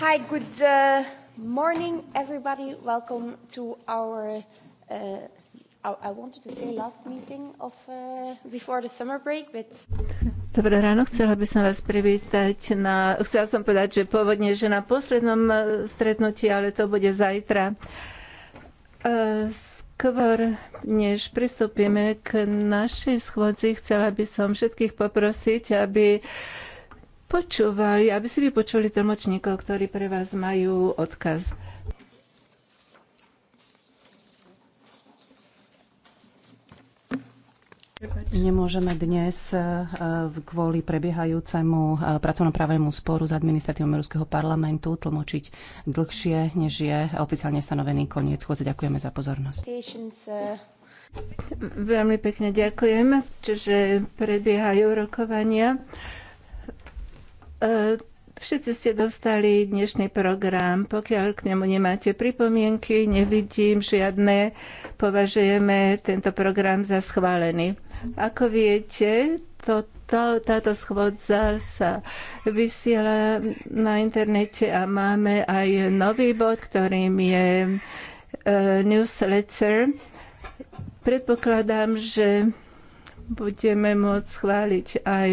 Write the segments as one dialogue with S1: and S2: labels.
S1: Hi, good uh, morning, everybody. Welcome to our, uh, I wanted to say last meeting of, uh, before the summer break, but...
S2: Dobré ráno, chcela by som vás privítať na, chcela som povedať, že pôvodne, že na poslednom uh, stretnutí, ale to bude zajtra. Uh, Skôr, než pristúpime k našej schôdzi, chcela by som všetkých poprosiť, aby uh, počúvali, aby si vypočuli tlmočníkov, ktorí pre vás majú odkaz. Nemôžeme
S3: dnes eh, kvôli prebiehajúcemu eh, pracovnoprávnemu sporu s administratívom Európskeho parlamentu tlmočiť dlhšie, než je oficiálne stanovený koniec schôdze. Ďakujeme za pozornosť.
S2: Veľmi pekne ďakujem. Čiže prebiehajú rokovania. E, Všetci ste dostali dnešný program. Pokiaľ k nemu nemáte pripomienky, nevidím žiadne, považujeme tento program za schválený. Ako viete, to, táto schôdza sa vysiela na internete a máme aj nový bod, ktorým je uh, newsletter. Predpokladám, že budeme môcť schváliť aj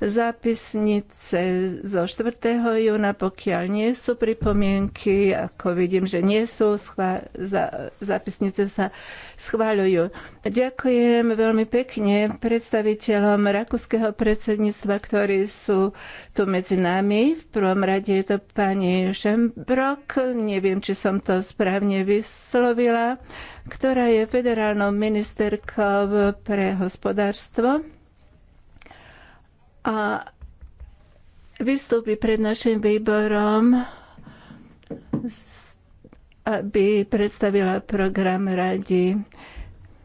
S2: zápisnice zo 4. júna, pokiaľ nie sú pripomienky, ako vidím, že nie sú, schvá- za- zápisnice sa schváľujú. Ďakujem veľmi pekne predstaviteľom rakúskeho predsedníctva, ktorí sú tu medzi nami. V prvom rade je to pani Šembrok, neviem, či som to správne vyslovila, ktorá je federálnou ministerkou pre hospodárstvo hospodárstvo a vystúpi pred našim výborom, aby predstavila program radi.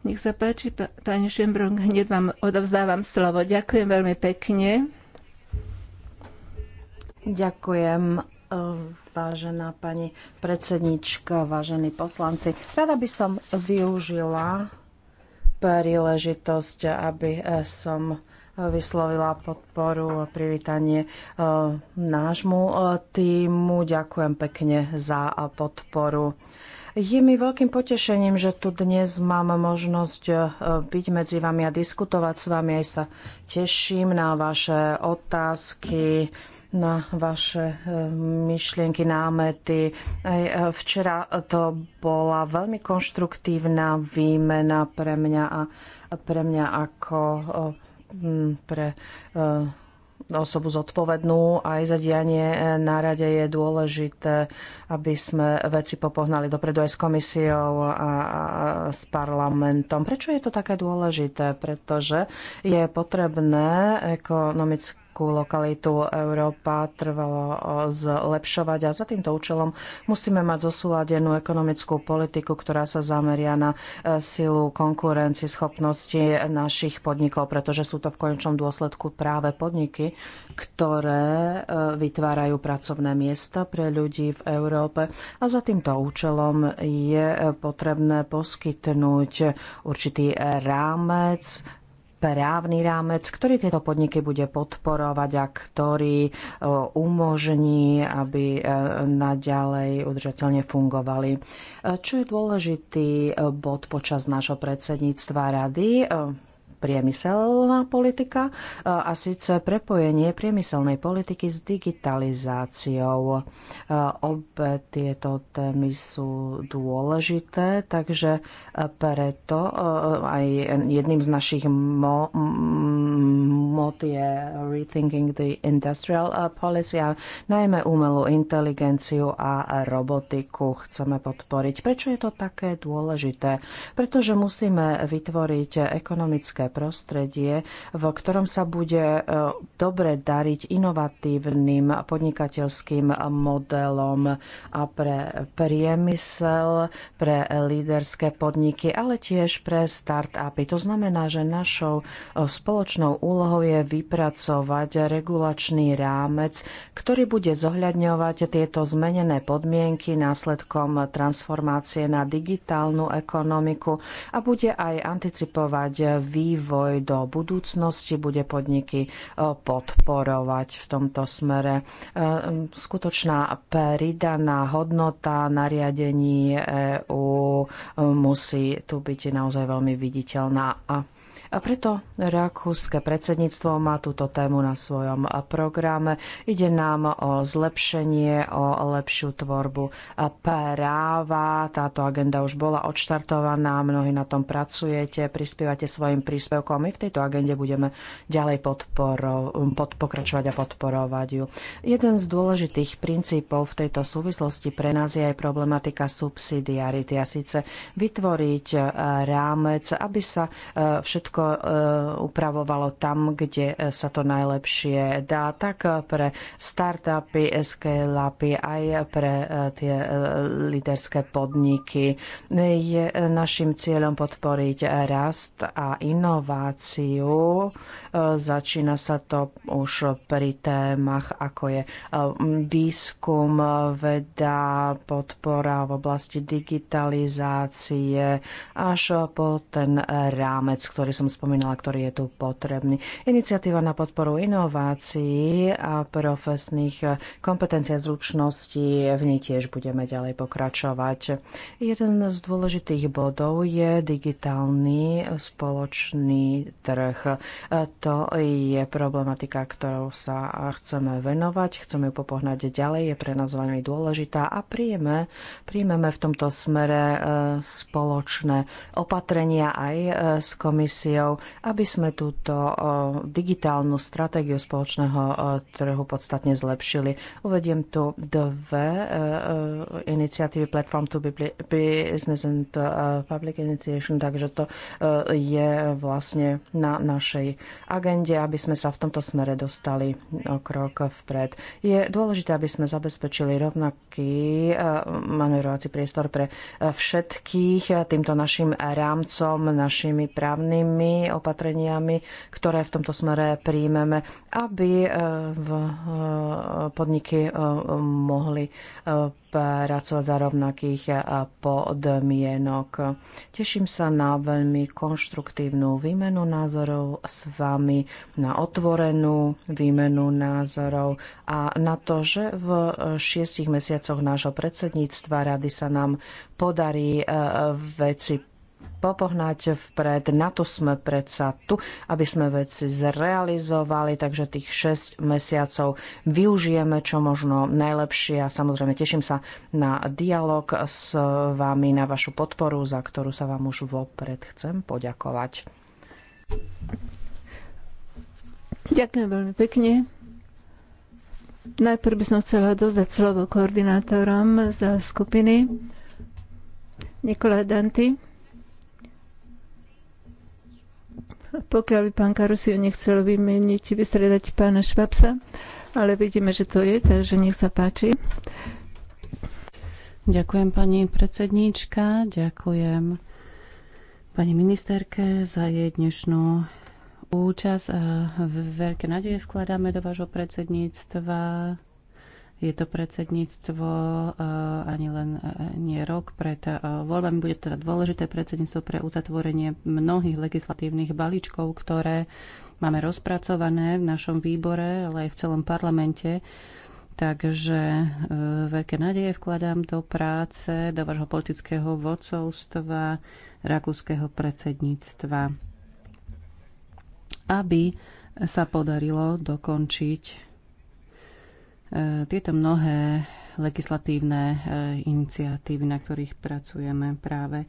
S2: Nech sa páči, pani Šembrung, hneď vám odovzdávam slovo. Ďakujem veľmi pekne. Ďakujem, e, vážená
S1: pani predsednička, vážení poslanci. Rada by som využila príležitosť, aby eh, som eh, vyslovila podporu a privítanie eh, nášmu týmu. Ďakujem pekne za podporu. Je mi veľkým potešením, že tu dnes mám možnosť byť medzi vami a diskutovať s vami. Aj sa teším na vaše otázky, na vaše e, myšlienky, námety. Aj e, včera to bola veľmi konštruktívna výmena pre mňa a pre mňa ako e, pre osobu zodpovednú aj za dianie na rade je dôležité, aby sme veci popohnali dopredu aj s komisiou a, s parlamentom. Prečo je to také dôležité? Pretože je potrebné ekonomické takú lokalitu Európa trvalo zlepšovať a za týmto účelom musíme mať zosúladenú ekonomickú politiku, ktorá sa zameria na e, silu konkurencie, schopnosti našich podnikov, pretože sú to v konečnom dôsledku práve podniky, ktoré e, vytvárajú pracovné miesta pre ľudí v Európe a za týmto účelom je e, potrebné poskytnúť určitý rámec, právny rámec, ktorý tieto podniky bude podporovať a ktorý e, umožní, aby e, naďalej udržateľne fungovali. E, čo je dôležitý bod počas nášho predsedníctva rady? priemyselná politika a síce prepojenie priemyselnej politiky s digitalizáciou. Obe tieto témy sú dôležité, takže preto aj jedným z našich mo- mod je Rethinking the Industrial Policy a najmä umelú inteligenciu a robotiku chceme podporiť. Prečo je to také dôležité? Pretože musíme vytvoriť ekonomické prostredie, v ktorom sa bude e, dobre dariť inovatívnym podnikateľským modelom a pre priemysel, pre líderské podniky, ale tiež pre start-upy. To znamená, že našou e, spoločnou úlohou je vypracovať regulačný rámec, ktorý bude zohľadňovať tieto zmenené podmienky následkom transformácie na digitálnu ekonomiku a bude aj anticipovať vývoj vývoj do budúcnosti, bude podniky e, podporovať v tomto smere. E, skutočná pridaná hodnota nariadení EÚ e, musí tu byť naozaj veľmi viditeľná a a preto rakúske predsedníctvo má túto tému na svojom programe. Ide nám o zlepšenie, o lepšiu tvorbu práva. Táto agenda už bola odštartovaná, mnohí na tom pracujete, prispievate svojim príspevkom. My v tejto agende budeme ďalej podporo, pod, pokračovať a podporovať ju. Jeden z dôležitých princípov v tejto súvislosti pre nás je aj problematika subsidiarity a síce vytvoriť rámec, aby sa e, všetko všetko e, upravovalo tam, kde e, sa to najlepšie dá, tak pre startupy, scale-upy, aj pre e, tie liderské podniky. Je našim cieľom podporiť rast a inováciu. Začína sa to už pri témach, ako je výskum, veda, podpora v oblasti digitalizácie, až po ten rámec, ktorý som spomínala, ktorý je tu potrebný. Iniciatíva na podporu inovácií a profesných kompetencií a zručností, v nej tiež budeme ďalej pokračovať. Jeden z dôležitých bodov je digitálny spoločný trh. To je problematika, ktorou sa chceme venovať, chceme ju popohnať ďalej, je pre nás veľmi dôležitá a príjme, príjmeme v tomto smere e, spoločné opatrenia aj e, s komisiou komisiou, aby sme túto digitálnu stratégiu spoločného trhu podstatne zlepšili. Uvediem tu dve e, e, iniciatívy Platform to Business and e, Public Initiation, takže to je vlastne na našej agende, aby sme sa v tomto smere dostali o krok vpred. Je dôležité, aby sme zabezpečili rovnaký manevrovací priestor pre všetkých týmto našim rámcom, našimi právnymi opatreniami, ktoré v tomto smere príjmeme, aby e, v e, podniky e, mohli pracovať za rovnakých podmienok. Teším sa na veľmi konštruktívnu výmenu názorov s vami, na otvorenú výmenu názorov a na to, že v šiestich mesiacoch nášho predsedníctva rady sa nám podarí veci popohnať vpred. Na to sme predsa tu, aby sme veci zrealizovali, takže tých 6 mesiacov využijeme čo možno najlepšie a samozrejme teším sa na dialog s vami, na vašu podporu, za ktorú sa vám už vopred chcem poďakovať.
S2: Ďakujem veľmi pekne. Najprv by som chcela dozdať slovo koordinátorom za skupiny. Nikola Danti. Pokiaľ by pán Karusio nechcel vymeniť, vystredať pána Švabsa, ale vidíme, že to je, takže nech sa páči. Ďakujem pani predsedníčka, ďakujem pani
S3: ministerke za jej dnešnú účasť a veľké nádeje vkladáme do vášho predsedníctva je to predsedníctvo eh, ani len eh, nie rok pred eh, voľbami. Bude teda dôležité predsedníctvo pre uzatvorenie mnohých legislatívnych balíčkov, ktoré máme rozpracované v našom výbore, ale aj v celom parlamente. Takže veľké nádeje vkladám do práce, do vášho politického vodcovstva, rakúskeho predsedníctva, aby sa podarilo dokončiť E, tieto mnohé legislatívne e, iniciatívy, na ktorých pracujeme práve.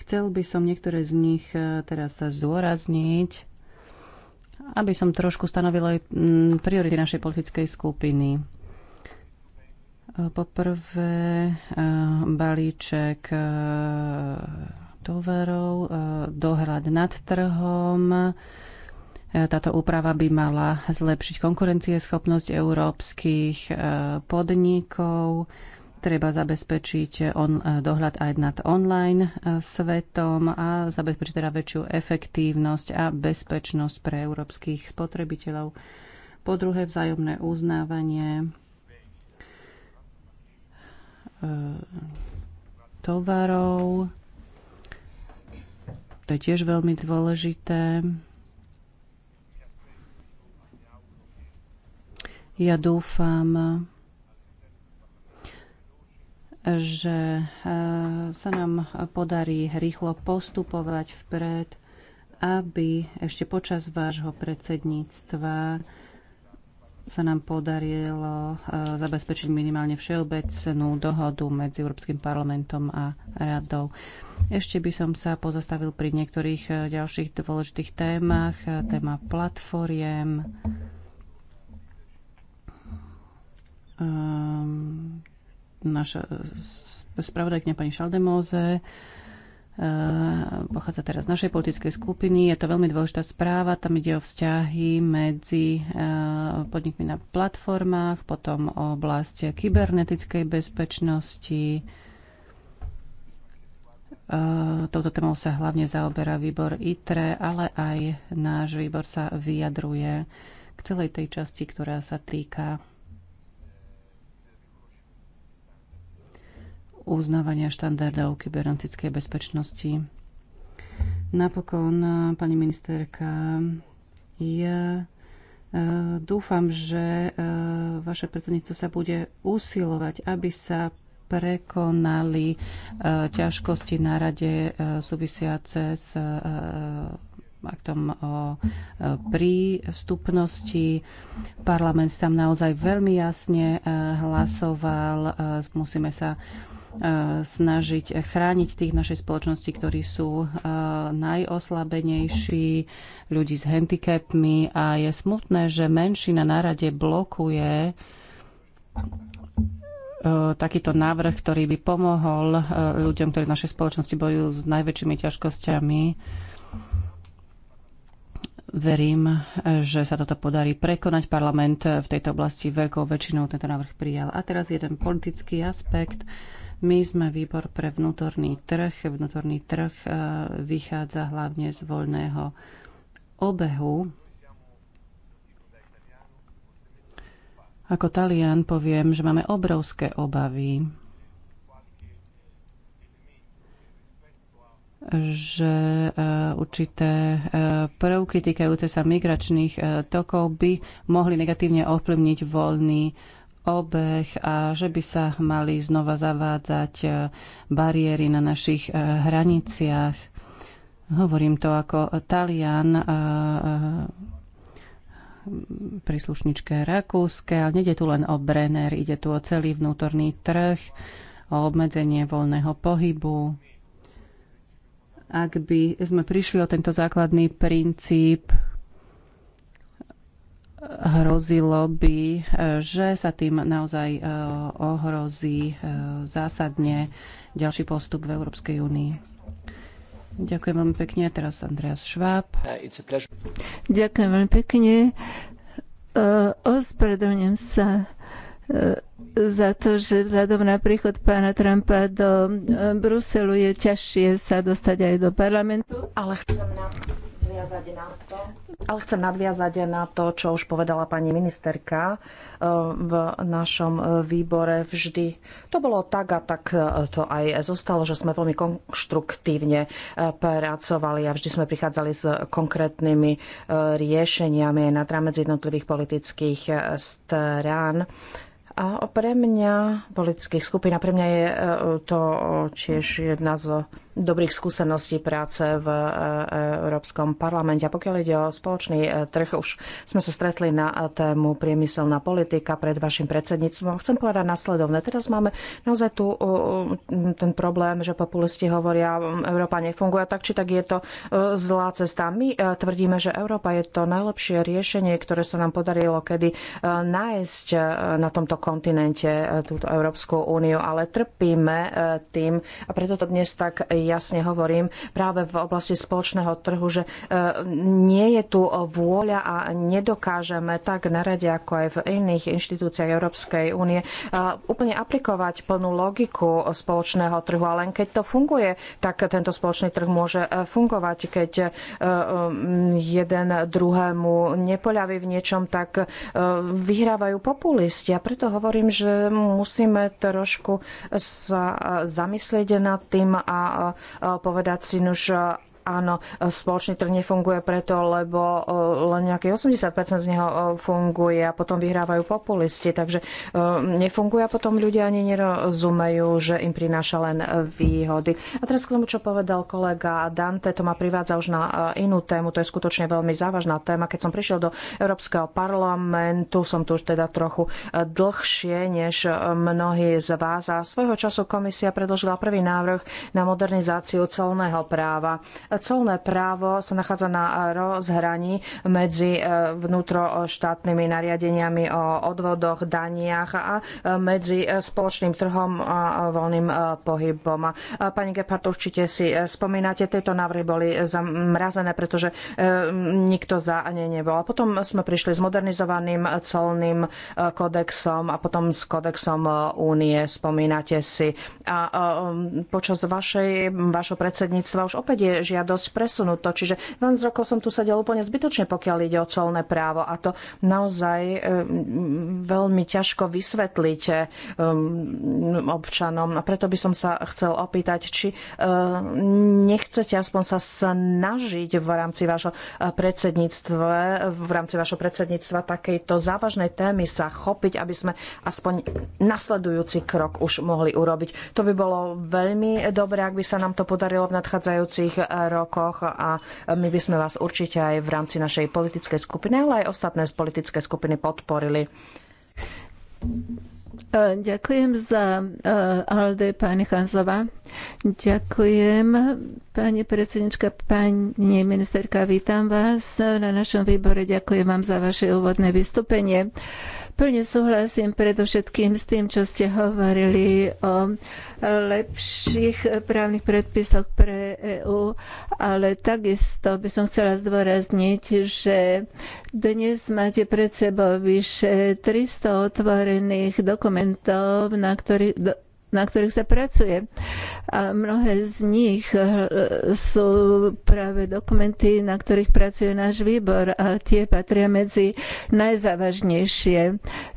S3: Chcel by som niektoré z nich e, teraz sa zdôrazniť, aby som trošku stanovila aj priority našej politickej skupiny. Poprvé balíček tovarov, dohľad nad trhom, E, táto úprava by mala zlepšiť konkurencieschopnosť európskych e, podnikov, treba zabezpečiť on, e, dohľad aj nad online svetom a zabezpečiť teda väčšiu efektívnosť a bezpečnosť pre európskych spotrebiteľov. Po druhé, vzájomné uznávanie tovarov. To je tiež veľmi dôležité. Ja dúfam, že e, sa nám podarí rýchlo postupovať vpred, aby ešte počas vášho predsedníctva sa nám podarilo e, zabezpečiť minimálne všeobecnú dohodu medzi Európskym parlamentom a radou. Ešte by som sa pozastavil pri niektorých e, ďalších dôležitých témach. Téma platformiem, Ehm, naša spravodajkňa pani Šaldemóze ehm, pochádza teraz z našej politickej skupiny. Je to veľmi dôležitá správa. Tam ide o vzťahy medzi ehm, podnikmi na platformách, potom o oblasti kybernetickej bezpečnosti. Touto témou sa hlavne zaoberá výbor ITRE, ale aj náš výbor sa vyjadruje k celej tej časti, ktorá sa týka uznávania štandardov kybernetickej bezpečnosti. Napokon, eh, pani ministerka, ja eh, dúfam, že eh, vaše predsedníctvo sa bude usilovať, aby sa prekonali ťažkosti na rade súvisiace s aktom o prístupnosti. Parlament tam naozaj veľmi jasne hlasoval. Musíme sa Eh, snažiť chrániť tých našej spoločnosti, ktorí sú eh, najoslabenejší, ľudí s handicapmi a je smutné, že menšina na rade blokuje eh, takýto návrh, ktorý by pomohol ľuďom, ktorí v našej spoločnosti bojujú s najväčšími ťažkosťami. Verím, že sa toto podarí prekonať. Parlament v tejto oblasti veľkou väčšinou tento návrh prijal. A teraz jeden politický aspekt. My sme výbor pre vnútorný trh. Vnútorný trh e, vychádza hlavne z voľného obehu. Ako Talian poviem, že máme obrovské obavy, že e, určité e, prvky týkajúce sa migračných tokov by mohli negatívne ovplyvniť voľný obeh a že by sa mali znova zavádzať e, bariéry na našich e, hraniciach. Hovorím to ako Talian, e, príslušničke Rakúske, ale nede tu len o Brenner, ide tu o celý vnútorný trh, o obmedzenie voľného pohybu. Ak by sme prišli o tento základný princíp hrozilo by, že sa tým naozaj e, ohrozí e, zásadne ďalší postup v Európskej únii. Ďakujem veľmi pekne. Teraz Andreas Schwab.
S2: Ďakujem veľmi pekne. E, ospravedlňujem sa za to, že vzhľadom na príchod pána Trumpa do Bruselu je ťažšie sa dostať aj do parlamentu. Ale
S1: chcem na nadviazať na to. Ale chcem nadviazať na to, čo už povedala pani ministerka e, v našom e, výbore vždy. To bolo tak a tak e, to aj zostalo, že sme veľmi konštruktívne pracovali a vždy sme prichádzali s konkrétnymi riešeniami nad rámec jednotlivých politických strán a pre mňa, politických skupín, a pre mňa je to tiež jedna z dobrých skúseností práce v e, Európskom parlamente. A pokiaľ ide o spoločný e, trh, už sme sa stretli na tému priemyselná politika pred vašim predsedníctvom. Chcem povedať nasledovne. Teraz máme naozaj tu ten problém, že populisti hovoria, Európa nefunguje, tak či tak je to e, zlá cesta. My tvrdíme, že Európa je to najlepšie riešenie, ktoré sa nám podarilo kedy nájsť na tomto kontinente túto Európsku úniu, ale trpíme tým a preto to dnes tak je jasne hovorím práve v oblasti spoločného trhu, že e, nie je tu vôľa a nedokážeme tak na rade, ako aj v iných inštitúciách Európskej únie e, úplne aplikovať plnú logiku spoločného trhu. A len keď to funguje, tak tento spoločný trh môže e, fungovať. Keď jeden druhému nepoľaví v niečom, tak vyhrávajú populisti. A preto hovorím, že musíme trošku sa zamyslieť nad tým a povedať si, nuž áno, spoločný trh nefunguje preto, lebo e, len nejakých 80% z neho e, funguje a potom vyhrávajú populisti, takže e, nefunguje a potom ľudia ani nerozumejú, že im prináša len výhody. A teraz k tomu, čo povedal kolega Dante, to ma privádza už na inú tému, to je skutočne veľmi závažná téma. Keď som prišiel do Európskeho parlamentu, som tu už teda trochu dlhšie než mnohí z vás a svojho času komisia predložila prvý návrh na modernizáciu celného práva. Colné právo sa nachádza na rozhraní medzi e, vnútroštátnymi nariadeniami o odvodoch, daniach a e, medzi e, spoločným trhom a voľným pohybom. Pani Gephardt, určite si spomínate, tieto návrhy boli zamrazené, pretože nikto za ne nebol. A potom sme prišli s modernizovaným colným kodexom a potom s kodexom únie. Spomínate si. A počas vašej, vašho predsedníctva už opäť je žiadosť dosť presunuto. Čiže 11 rokov som tu sedel úplne zbytočne, pokiaľ ide o colné právo a to naozaj e, veľmi ťažko vysvetliť e, občanom. A preto by som sa chcel opýtať, či e, nechcete aspoň sa snažiť v rámci vášho predsedníctva, v rámci vášho predsedníctva takejto závažnej témy sa chopiť, aby sme aspoň nasledujúci krok už mohli urobiť. To by bolo veľmi dobré, ak by sa nám to podarilo v nadchádzajúcich rokoch a my by sme vás určite aj v rámci našej politickej skupiny, ale aj ostatné z politické skupiny podporili.
S2: E, ďakujem za e, Alde, pani Hanzová. Ďakujem, pani predsednička, pani ministerka, vítam vás na našom výbore. Ďakujem vám za vaše úvodné vystúpenie. Plne súhlasím predovšetkým s tým, čo ste hovorili o lepších právnych predpisoch pre EÚ, ale takisto by som chcela zdôrazniť, že dnes máte pred sebou vyše 300 otvorených dokumentov, na ktorých na ktorých sa pracuje. A mnohé z nich eh, sú práve dokumenty, na ktorých pracuje náš výbor a tie patria medzi najzávažnejšie.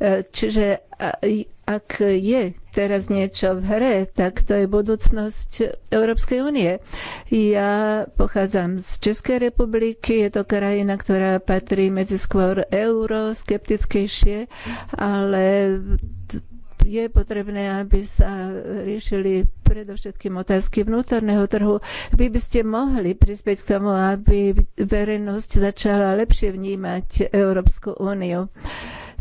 S2: Eh, čiže ak je teraz niečo v hre, tak to je budúcnosť Európskej únie. Ja pochádzam z Českej republiky, je to krajina, ktorá patrí medzi skôr euroskeptickejšie, ale je potrebné, aby sa riešili predovšetkým otázky vnútorného trhu. Vy by ste mohli prispieť k tomu, aby verejnosť začala lepšie vnímať Európsku úniu.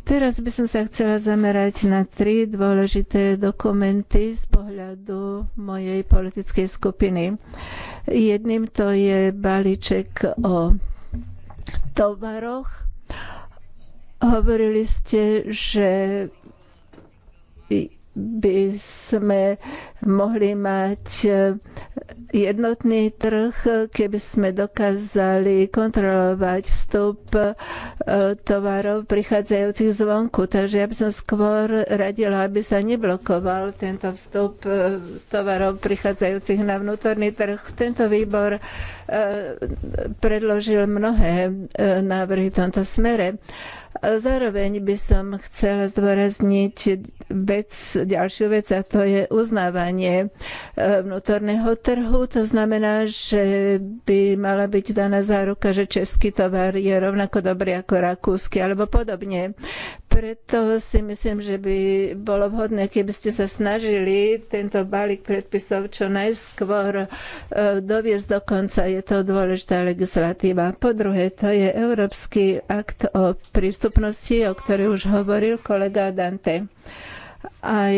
S2: Teraz by som sa chcela zamerať na tri dôležité dokumenty z pohľadu mojej politickej skupiny. Jedným to je balíček o tovaroch. Hovorili ste, že by sme mohli mať e, jednotný trh, keby sme dokázali kontrolovať vstup e, tovarov prichádzajúcich zvonku. Takže ja by som skôr radila, aby sa neblokoval tento vstup e, tovarov prichádzajúcich na vnútorný trh. Tento výbor predložil mnohé návrhy v tomto smere Zároveň by som chcela zdôrazniť vec, ďalšiu vec a to je uznávanie e, vnútorného trhu. To znamená, že by mala byť daná záruka, že český tovar je rovnako dobrý ako rakúsky alebo podobne. Preto si myslím, že by bolo vhodné, keby ste sa snažili tento balík predpisov čo najskôr e, doviesť do konca. Je to dôležitá legislatíva. Po druhé, to je Európsky akt o prístupnosti, o ktorej už hovoril kolega Dante. Aj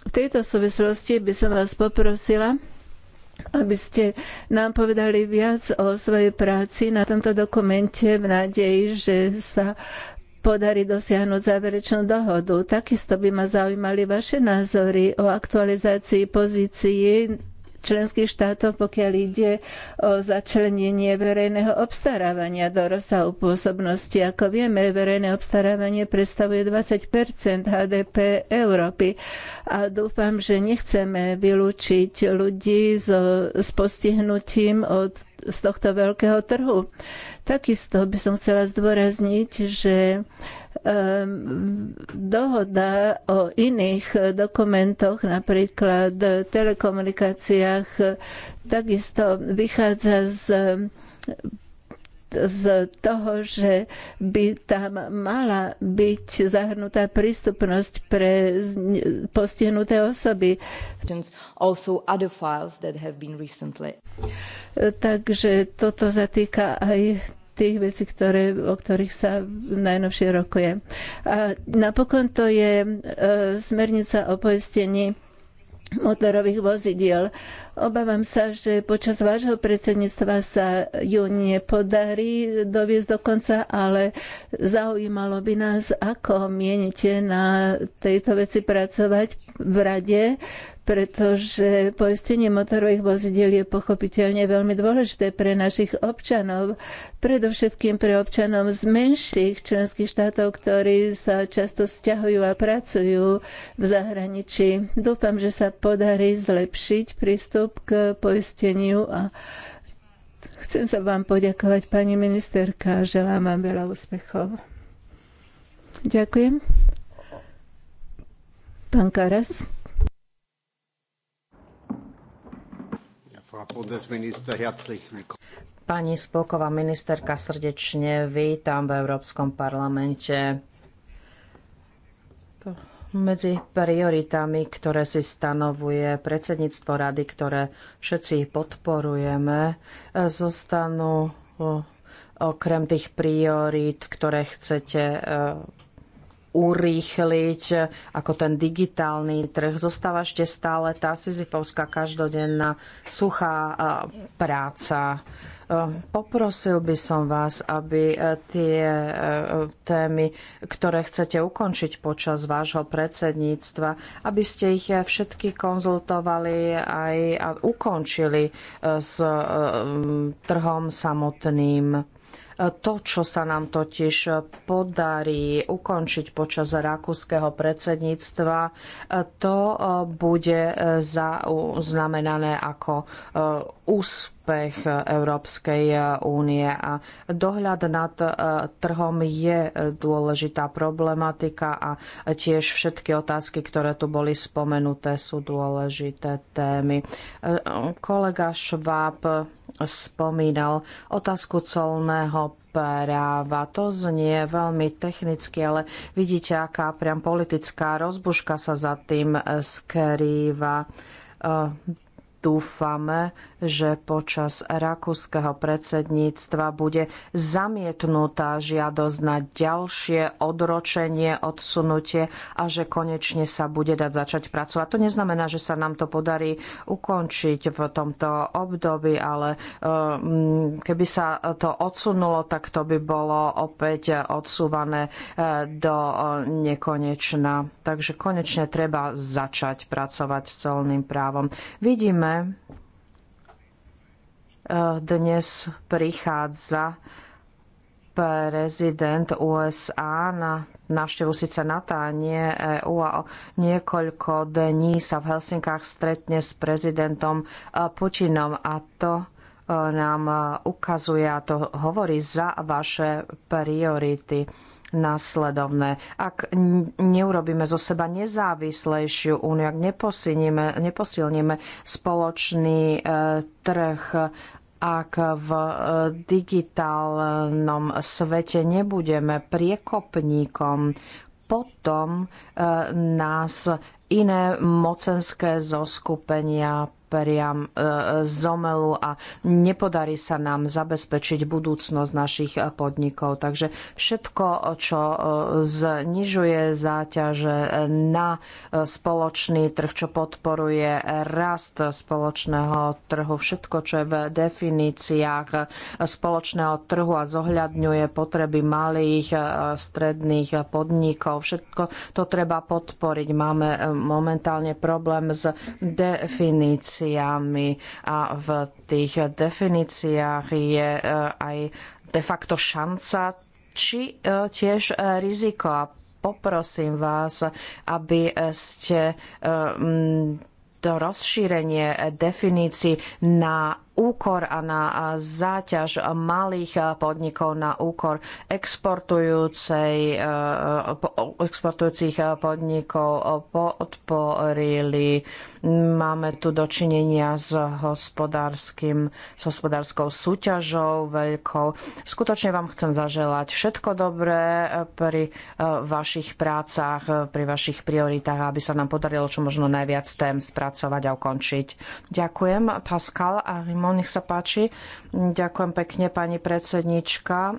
S2: v tejto súvislosti by som vás poprosila, aby ste nám povedali viac o svojej práci na tomto dokumente v nádeji, že sa podarí dosiahnuť záverečnú dohodu. Takisto by ma zaujímali vaše názory o aktualizácii pozícií členských štátov, pokiaľ ide o začlenenie verejného obstarávania do rozsahu pôsobnosti. Ako vieme, verejné obstarávanie predstavuje 20 HDP Európy a dúfam, že nechceme vylúčiť ľudí so, s postihnutím od z tohto veľkého trhu. Takisto by som chcela zdôrazniť, že ehm, dohoda o iných dokumentoch, napríklad telekomunikáciách, takisto vychádza z z toho, že by tam mala byť zahrnutá prístupnosť pre postihnuté osoby. Takže toto zatýka aj tých vecí, ktoré, o ktorých sa najnovšie rokuje. A napokon to je e, smernica o poistení motorových vozidiel. Obávam sa, že počas vášho predsedníctva sa ju nepodarí doviesť do konca, ale zaujímalo by nás, ako mienite na tejto veci pracovať v rade, pretože poistenie motorových vozidel je pochopiteľne veľmi dôležité pre našich občanov, predovšetkým pre občanov z menších členských štátov, ktorí sa často stiahujú a pracujú v zahraničí. Dúfam, že sa podarí zlepšiť prístup k poisteniu a Chcem sa vám poďakovať, pani ministerka. Želám vám veľa úspechov. Ďakujem. Pán Karas.
S1: Pani Spolková ministerka, srdečne vítam v Európskom parlamente. Medzi prioritami, ktoré si stanovuje predsedníctvo rady, ktoré všetci podporujeme, zostanú eh, okrem tých priorít, ktoré chcete eh, urýchliť, ako ten digitálny trh. Zostáva ešte stále tá sizifovská každodenná suchá práca. E, poprosil by som vás, aby e, tie e, témy, ktoré chcete ukončiť počas vášho predsedníctva, aby ste ich všetky konzultovali aj a ukončili s trhom samotným to, čo sa nám totiž podarí ukončiť počas rakúskeho predsedníctva, to e, bude znamenané ako e, úspech Európskej e, únie a dohľad nad trhom je dôležitá problematika a tiež všetky otázky, ktoré tu boli spomenuté, sú dôležité témy. Kolega Schwab, spomínal otázku colného práva. To znie veľmi technicky, ale vidíte, aká priam politická rozbuška sa za tým skrýva. E, dúfame, že počas rakúskeho predsedníctva bude zamietnutá žiadosť na ďalšie odročenie, odsunutie a že konečne sa bude dať začať pracovať. To neznamená, že sa nám to podarí ukončiť v tomto období, ale ehm, keby sa to odsunulo, tak to by bolo opäť odsúvané e, do e, nekonečna. Takže konečne treba začať pracovať s celným právom. Vidíme, dnes prichádza prezident USA na návštevu síce NATO a nie EU a o niekoľko dní sa v Helsinkách stretne s prezidentom eh, Putinom a to eh, nám eh, ukazuje a to hovorí za vaše priority následovné. Ak neurobíme zo seba nezávislejšiu úniu, ak neposilníme spoločný trh, ak v e, digitálnom svete nebudeme priekopníkom, potom e, nás iné mocenské zoskupenia priam e, zomelu a nepodarí sa nám zabezpečiť budúcnosť našich podnikov. Takže všetko, čo e, znižuje záťaže na e, spoločný trh, čo podporuje rast spoločného trhu, všetko, čo je v definíciách spoločného trhu a zohľadňuje potreby malých, stredných podnikov, všetko to treba podporiť. Máme momentálne problém s definíciou definíciami a v tých definíciách je eh, aj de facto šanca či eh, tiež eh, riziko. A poprosím vás, aby ste to rozšírenie definícií na úkor a na záťaž malých podnikov, na úkor exportujúcej, eh, exportujúcich podnikov podporili. Máme tu dočinenia s, hospodárskym, s hospodárskou súťažou veľkou. Skutočne vám chcem zaželať všetko dobré pri eh, vašich prácach, pri vašich prioritách, aby sa nám podarilo čo možno najviac tém spracovať a ukončiť. Ďakujem, Pascal a Rimon. Áno, nech sa páči. Ďakujem pekne, pani predsednička.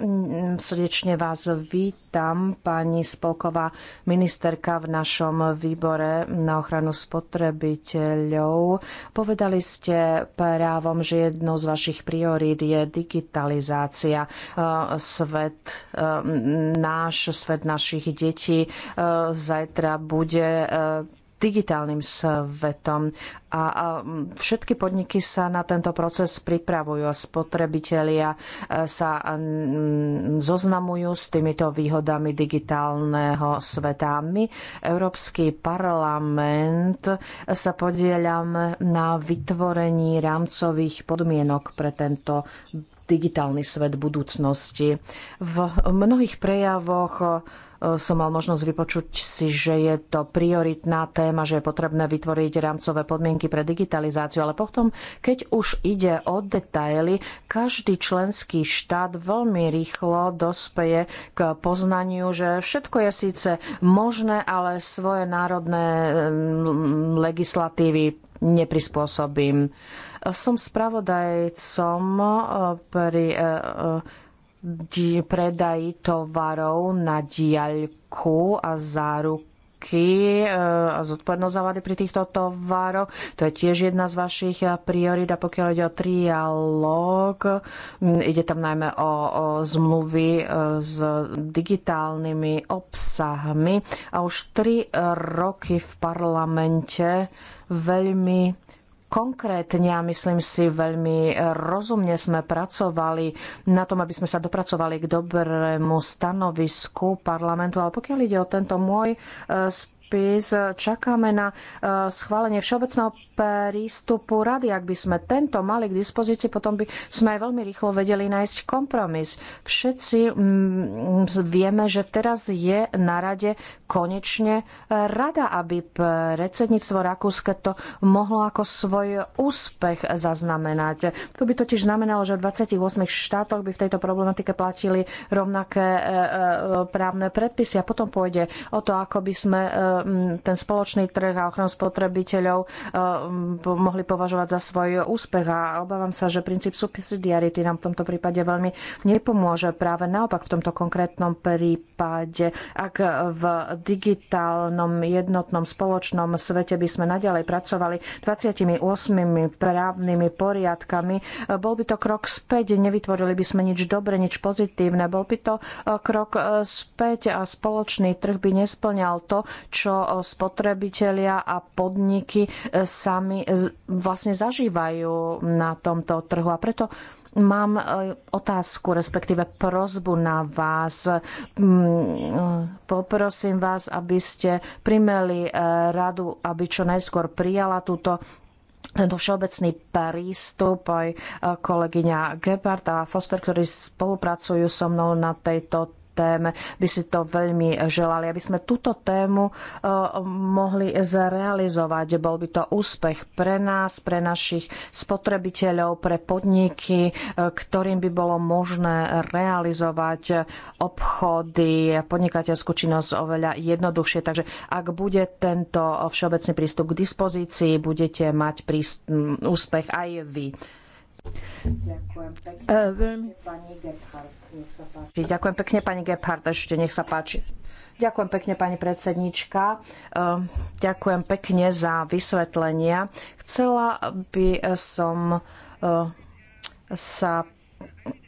S1: Srdečne vás vítam, pani spolková ministerka v našom výbore na ochranu spotrebiteľov. Povedali ste právom, že jednou z vašich priorít je digitalizácia. E, svet, e, náš svet našich detí e, zajtra bude digitálnym svetom. A, a všetky podniky sa na tento proces pripravujú a spotrebitelia e, sa zoznamujú s týmito výhodami digitálneho sveta. My, Európsky parlament, sa podieľame na vytvorení rámcových podmienok pre tento digitálny svet budúcnosti. V mnohých prejavoch som mal možnosť vypočuť si, že je to prioritná téma, že je potrebné vytvoriť rámcové podmienky pre digitalizáciu, ale potom, keď už ide o detaily, každý členský štát veľmi rýchlo dospeje k poznaniu, že všetko je síce možné, ale svoje národné mm, legislatívy neprispôsobím. Som spravodajcom eh, pri eh, eh, predaj tovarov na diaľku a záruku e, a zodpovednosť za vady pri týchto tovaroch. To je tiež jedna z vašich e, priorít a pokiaľ ide o trialóg, ide tam najmä o, o zmluvy e, s digitálnymi obsahmi a už tri roky v parlamente veľmi konkrétne a myslím si veľmi rozumne sme pracovali na tom, aby sme sa dopracovali k dobrému stanovisku parlamentu. Ale pokiaľ ide o tento môj spoločný eh, predpis. Čakáme na eh, schválenie všeobecného prístupu rady. Ak by sme tento mali k dispozícii, potom by sme aj veľmi rýchlo vedeli nájsť kompromis. Všetci mm, vieme, že teraz je na rade konečne eh, rada, aby predsedníctvo Rakúske to mohlo ako svoj úspech zaznamenať. To by totiž znamenalo, že v 28 štátoch by v tejto problematike platili rovnaké eh, právne predpisy a potom pôjde o to, ako by sme ten spoločný trh a ochranu spotrebiteľov e, mohli považovať za svoj úspech a obávam sa, že princíp subsidiarity nám v tomto prípade veľmi nepomôže. Práve naopak v tomto konkrétnom prípade, ak v digitálnom jednotnom spoločnom svete by sme naďalej pracovali 28 právnymi poriadkami, e, bol by to krok späť, nevytvorili by sme nič dobre, nič pozitívne, bol by to e, krok späť a spoločný trh by nesplňal to, čo čo spotrebitelia a podniky e, sami vlastne zažívajú na tomto trhu. A preto Mám e, otázku, respektíve prozbu na vás. Mm, e, poprosím vás, aby ste primeli radu, aby čo najskôr prijala túto tento všeobecný prístup aj kolegyňa Gebhardt a Foster, ktorí spolupracujú so mnou na tejto téme by si to veľmi želali, aby sme túto tému e, mohli zrealizovať. Bol by to úspech pre nás, pre našich spotrebiteľov, pre podniky, e, ktorým by bolo možné realizovať obchody, podnikateľskú činnosť oveľa jednoduchšie. Takže ak bude tento všeobecný prístup k dispozícii, budete mať úspech aj vy.
S2: Ďakujem. Pekne, uh, veľmi...
S1: pani Gerhardt. Nech sa páči. Ďakujem pekne, pani Gebhardt, ešte nech sa páči. Ďakujem pekne, pani predsednička. Ehm, ďakujem pekne za vysvetlenia. Chcela by som ehm, sa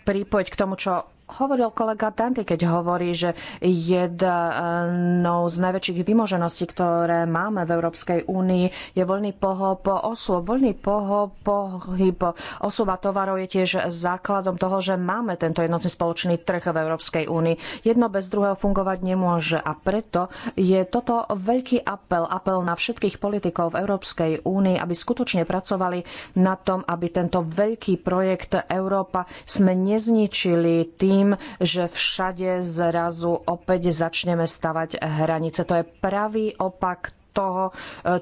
S1: pripojiť k tomu, čo hovoril kolega Dante, keď hovorí, že jednou z najväčších vymožeností, ktoré máme v Európskej únii, je voľný pohob osôb. Voľný pohob, pohyb osôb a tovarov je tiež základom toho, že máme tento jednotný spoločný trh v Európskej únii. Jedno bez druhého fungovať nemôže a preto je toto veľký apel, apel na všetkých politikov v Európskej únii, aby skutočne pracovali na tom, aby tento veľký projekt Európa sme nezničili tým, tým, že všade zrazu opäť začneme stavať hranice. To je pravý opak toho,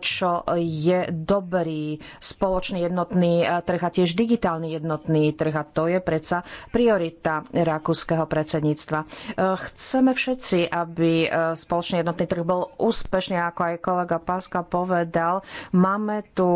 S1: čo je dobrý spoločný jednotný trh a tiež digitálny jednotný trh. A to je predsa priorita rakúskeho predsedníctva. Chceme všetci, aby spoločný jednotný trh bol úspešný, ako aj kolega Páska povedal. Máme tu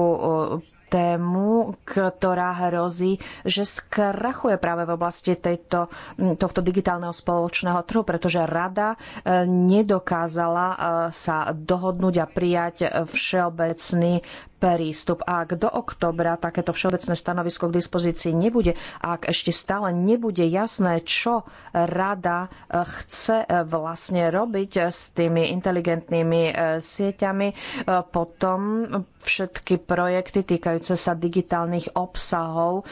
S1: tému, ktorá hrozí, že skrachuje práve v oblasti tejto, tohto digitálneho spoločného trhu, pretože rada e, nedokázala e, sa dohodnúť a prijať všeobecný prístup. Ak do oktobra takéto všeobecné stanovisko k dispozícii nebude, ak ešte stále nebude jasné, čo rada e, chce vlastne robiť s tými inteligentnými sieťami, potom všetky projekty týkajú týkajúce sa digitálnych obsahov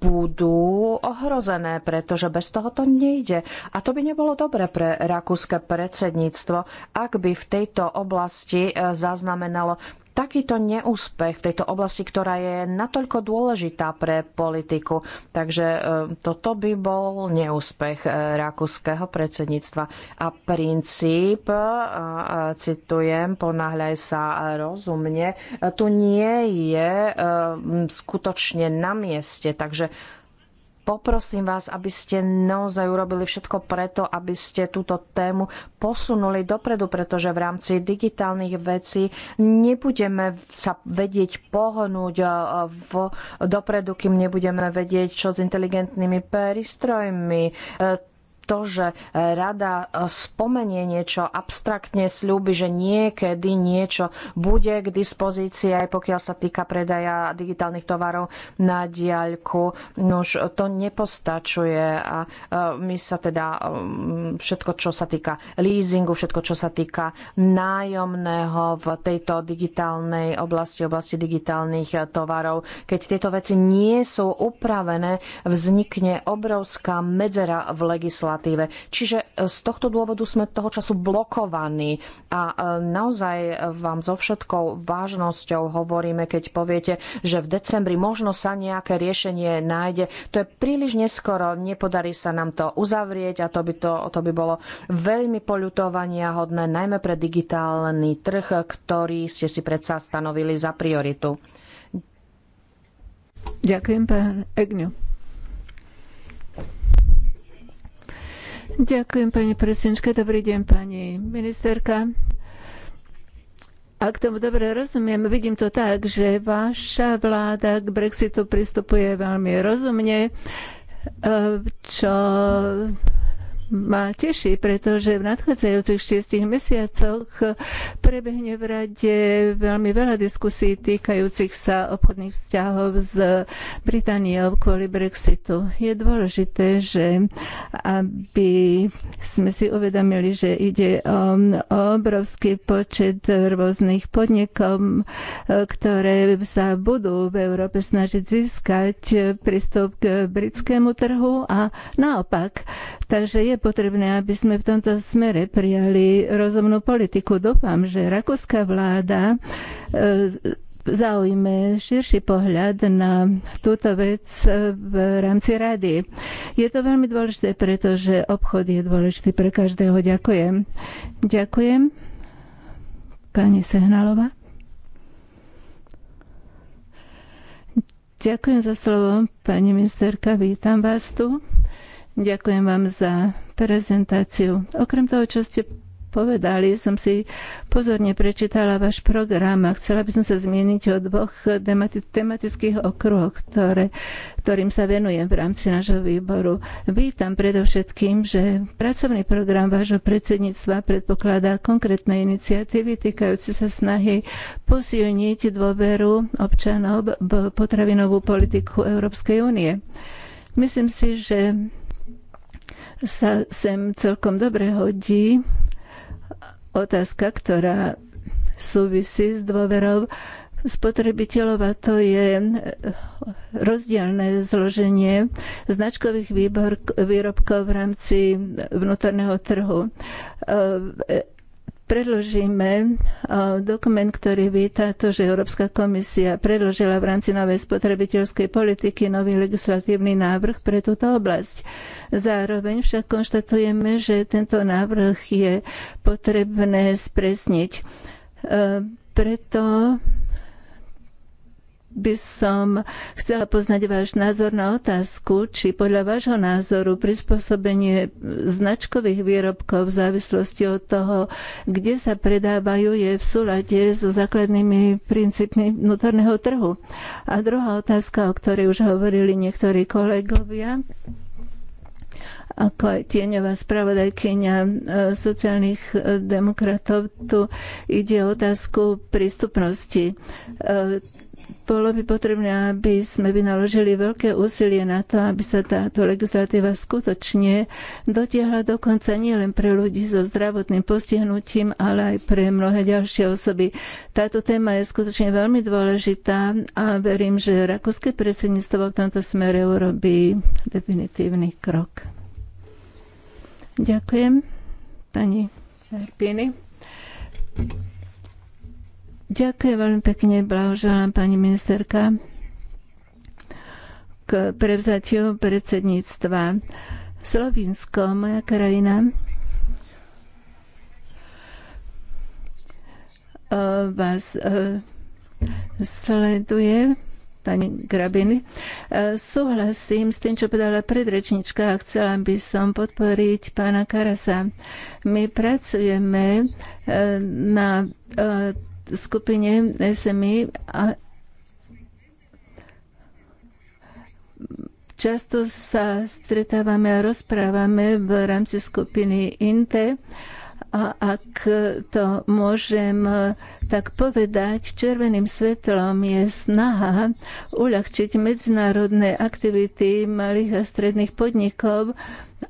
S1: budú ohrozené, pretože bez toho to nejde. A to by nebolo dobre pre rakúske predsedníctvo, ak by v tejto oblasti e, zaznamenalo takýto neúspech v tejto oblasti, ktorá je natoľko dôležitá pre politiku. Takže e, toto by bol neúspech e, rakúskeho predsedníctva. A princíp, e, citujem, ponáhľaj sa rozumne, tu nie je skutočne na mieste. Takže poprosím vás, aby ste naozaj urobili všetko preto, aby ste túto tému posunuli dopredu, pretože v rámci digitálnych vecí nebudeme sa vedieť pohnúť e, v, dopredu, kým nebudeme vedieť, čo s inteligentnými prístrojmi e, to, že e, rada e, spomenie niečo abstraktne, slúbi, že niekedy niečo bude k dispozícii, aj pokiaľ sa týka predaja digitálnych tovarov na diaľku. už to nepostačuje a e, my sa teda mm, všetko, čo sa týka leasingu, všetko, čo sa týka nájomného v tejto digitálnej oblasti, oblasti digitálnych tovarov, keď tieto veci nie sú upravené, vznikne obrovská medzera v legislatíve legislatíve. Čiže e, z tohto dôvodu sme toho času blokovaní a e, naozaj e, vám so všetkou vážnosťou hovoríme, keď poviete, že v decembri možno sa nejaké riešenie nájde. To je príliš neskoro, nepodarí sa nám to uzavrieť a to by, to, to by bolo veľmi poľutovania hodné, najmä pre digitálny trh, ktorý ste si predsa stanovili za prioritu.
S2: Ďakujem, pán Egňo. Ďakujem, pani predsednička. Dobrý deň, pani ministerka. Ak tomu dobre rozumiem, vidím to tak, že vaša vláda k Brexitu pristupuje veľmi rozumne, eh, čo ma teší, pretože v nadchádzajúcich šiestich mesiacoch prebehne v rade veľmi veľa diskusí týkajúcich sa obchodných vzťahov s Britániou kvôli Brexitu. Je dôležité, že aby sme si uvedomili, že ide o, obrovský počet rôznych podnikov, ktoré sa budú v Európe snažiť získať prístup k britskému trhu a naopak. Takže je je potrebné, aby sme v tomto smere prijali rozumnú politiku. Dúfam, že rakúska vláda e, zaujme širší pohľad na túto vec e, v rámci rady. Je to veľmi dôležité, pretože obchod je dôležitý pre každého. Ďakujem. Ďakujem. Pani Sehnalová. Ďakujem za slovo, pani ministerka. Vítam vás tu. Ďakujem vám za prezentáciu. Okrem toho, čo ste povedali, som si pozorne prečítala váš program a chcela by som sa zmieniť o dvoch tematických okruhoch, ktoré, ktorým sa venujem v rámci nášho výboru. Vítam predovšetkým, že pracovný program vášho predsedníctva predpokladá konkrétne iniciatívy týkajúce sa snahy posilniť dôveru občanov v potravinovú politiku Európskej únie. Myslím si, že sa sem celkom dobre hodí otázka, ktorá súvisí s dôverou spotrebiteľov a to je rozdielne zloženie značkových výbor, výrobkov v rámci vnútorného trhu predložíme e, dokument, ktorý víta to, že Európska komisia predložila v rámci novej spotrebiteľskej politiky nový legislatívny návrh pre túto oblasť. Zároveň však konštatujeme, že tento návrh je potrebné spresniť. E, preto by som chcela poznať váš názor na otázku, či podľa vášho názoru prispôsobenie značkových výrobkov v závislosti od toho, kde sa predávajú, je v súlade so základnými princípmi vnútorného trhu. A druhá otázka, o ktorej už hovorili niektorí kolegovia, ako aj tieňová spravodajkynia e, sociálnych e, demokratov, tu ide o otázku prístupnosti. E, bolo by potrebné, aby sme vynaložili veľké úsilie na to, aby sa táto legislatíva skutočne dotiahla dokonca nielen pre ľudí so zdravotným postihnutím, ale aj pre mnohé ďalšie osoby. Táto téma je skutočne veľmi dôležitá a verím, že rakúske predsedníctvo v tomto smere urobí definitívny krok. Ďakujem, pani Harpini. Ďakujem veľmi pekne, blahoželám pani ministerka k prevzatiu predsedníctva. Slovinsko, moja krajina, e, vás e, sleduje pani Grabiny. E, súhlasím s tým, čo povedala predrečnička a chcela by som podporiť pána Karasa. My pracujeme na skupine SMI a Často sa stretávame a rozprávame v rámci skupiny INTE a ak to môžem tak povedať, červeným svetlom je snaha uľahčiť medzinárodné aktivity malých a stredných podnikov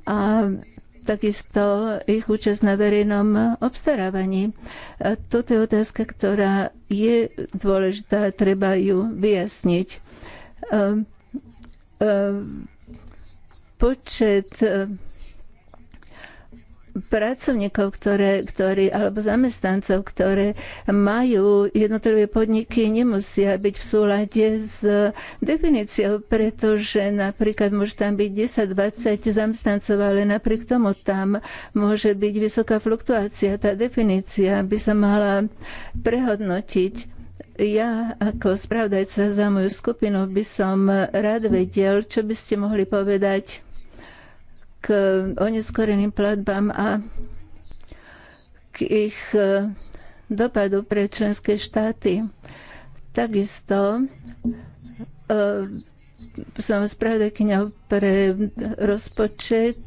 S2: a takisto ich účasť na verejnom obstarávaní. A toto je otázka, ktorá je dôležitá, treba ju vyjasniť. Ehm, ehm, počet pracovníkov, ktoré, ktorí, alebo zamestnancov, ktoré majú jednotlivé podniky, nemusia byť v súlade s definíciou, pretože napríklad môže tam byť 10-20 zamestnancov, ale napriek tomu tam môže byť vysoká fluktuácia. Tá definícia by sa mala prehodnotiť ja ako spravdajca za moju skupinu by som rád vedel, čo by ste mohli povedať k oneskoreným platbám a k ich e, dopadu pre členské štáty. Takisto e, som spravodajkyňou pre rozpočet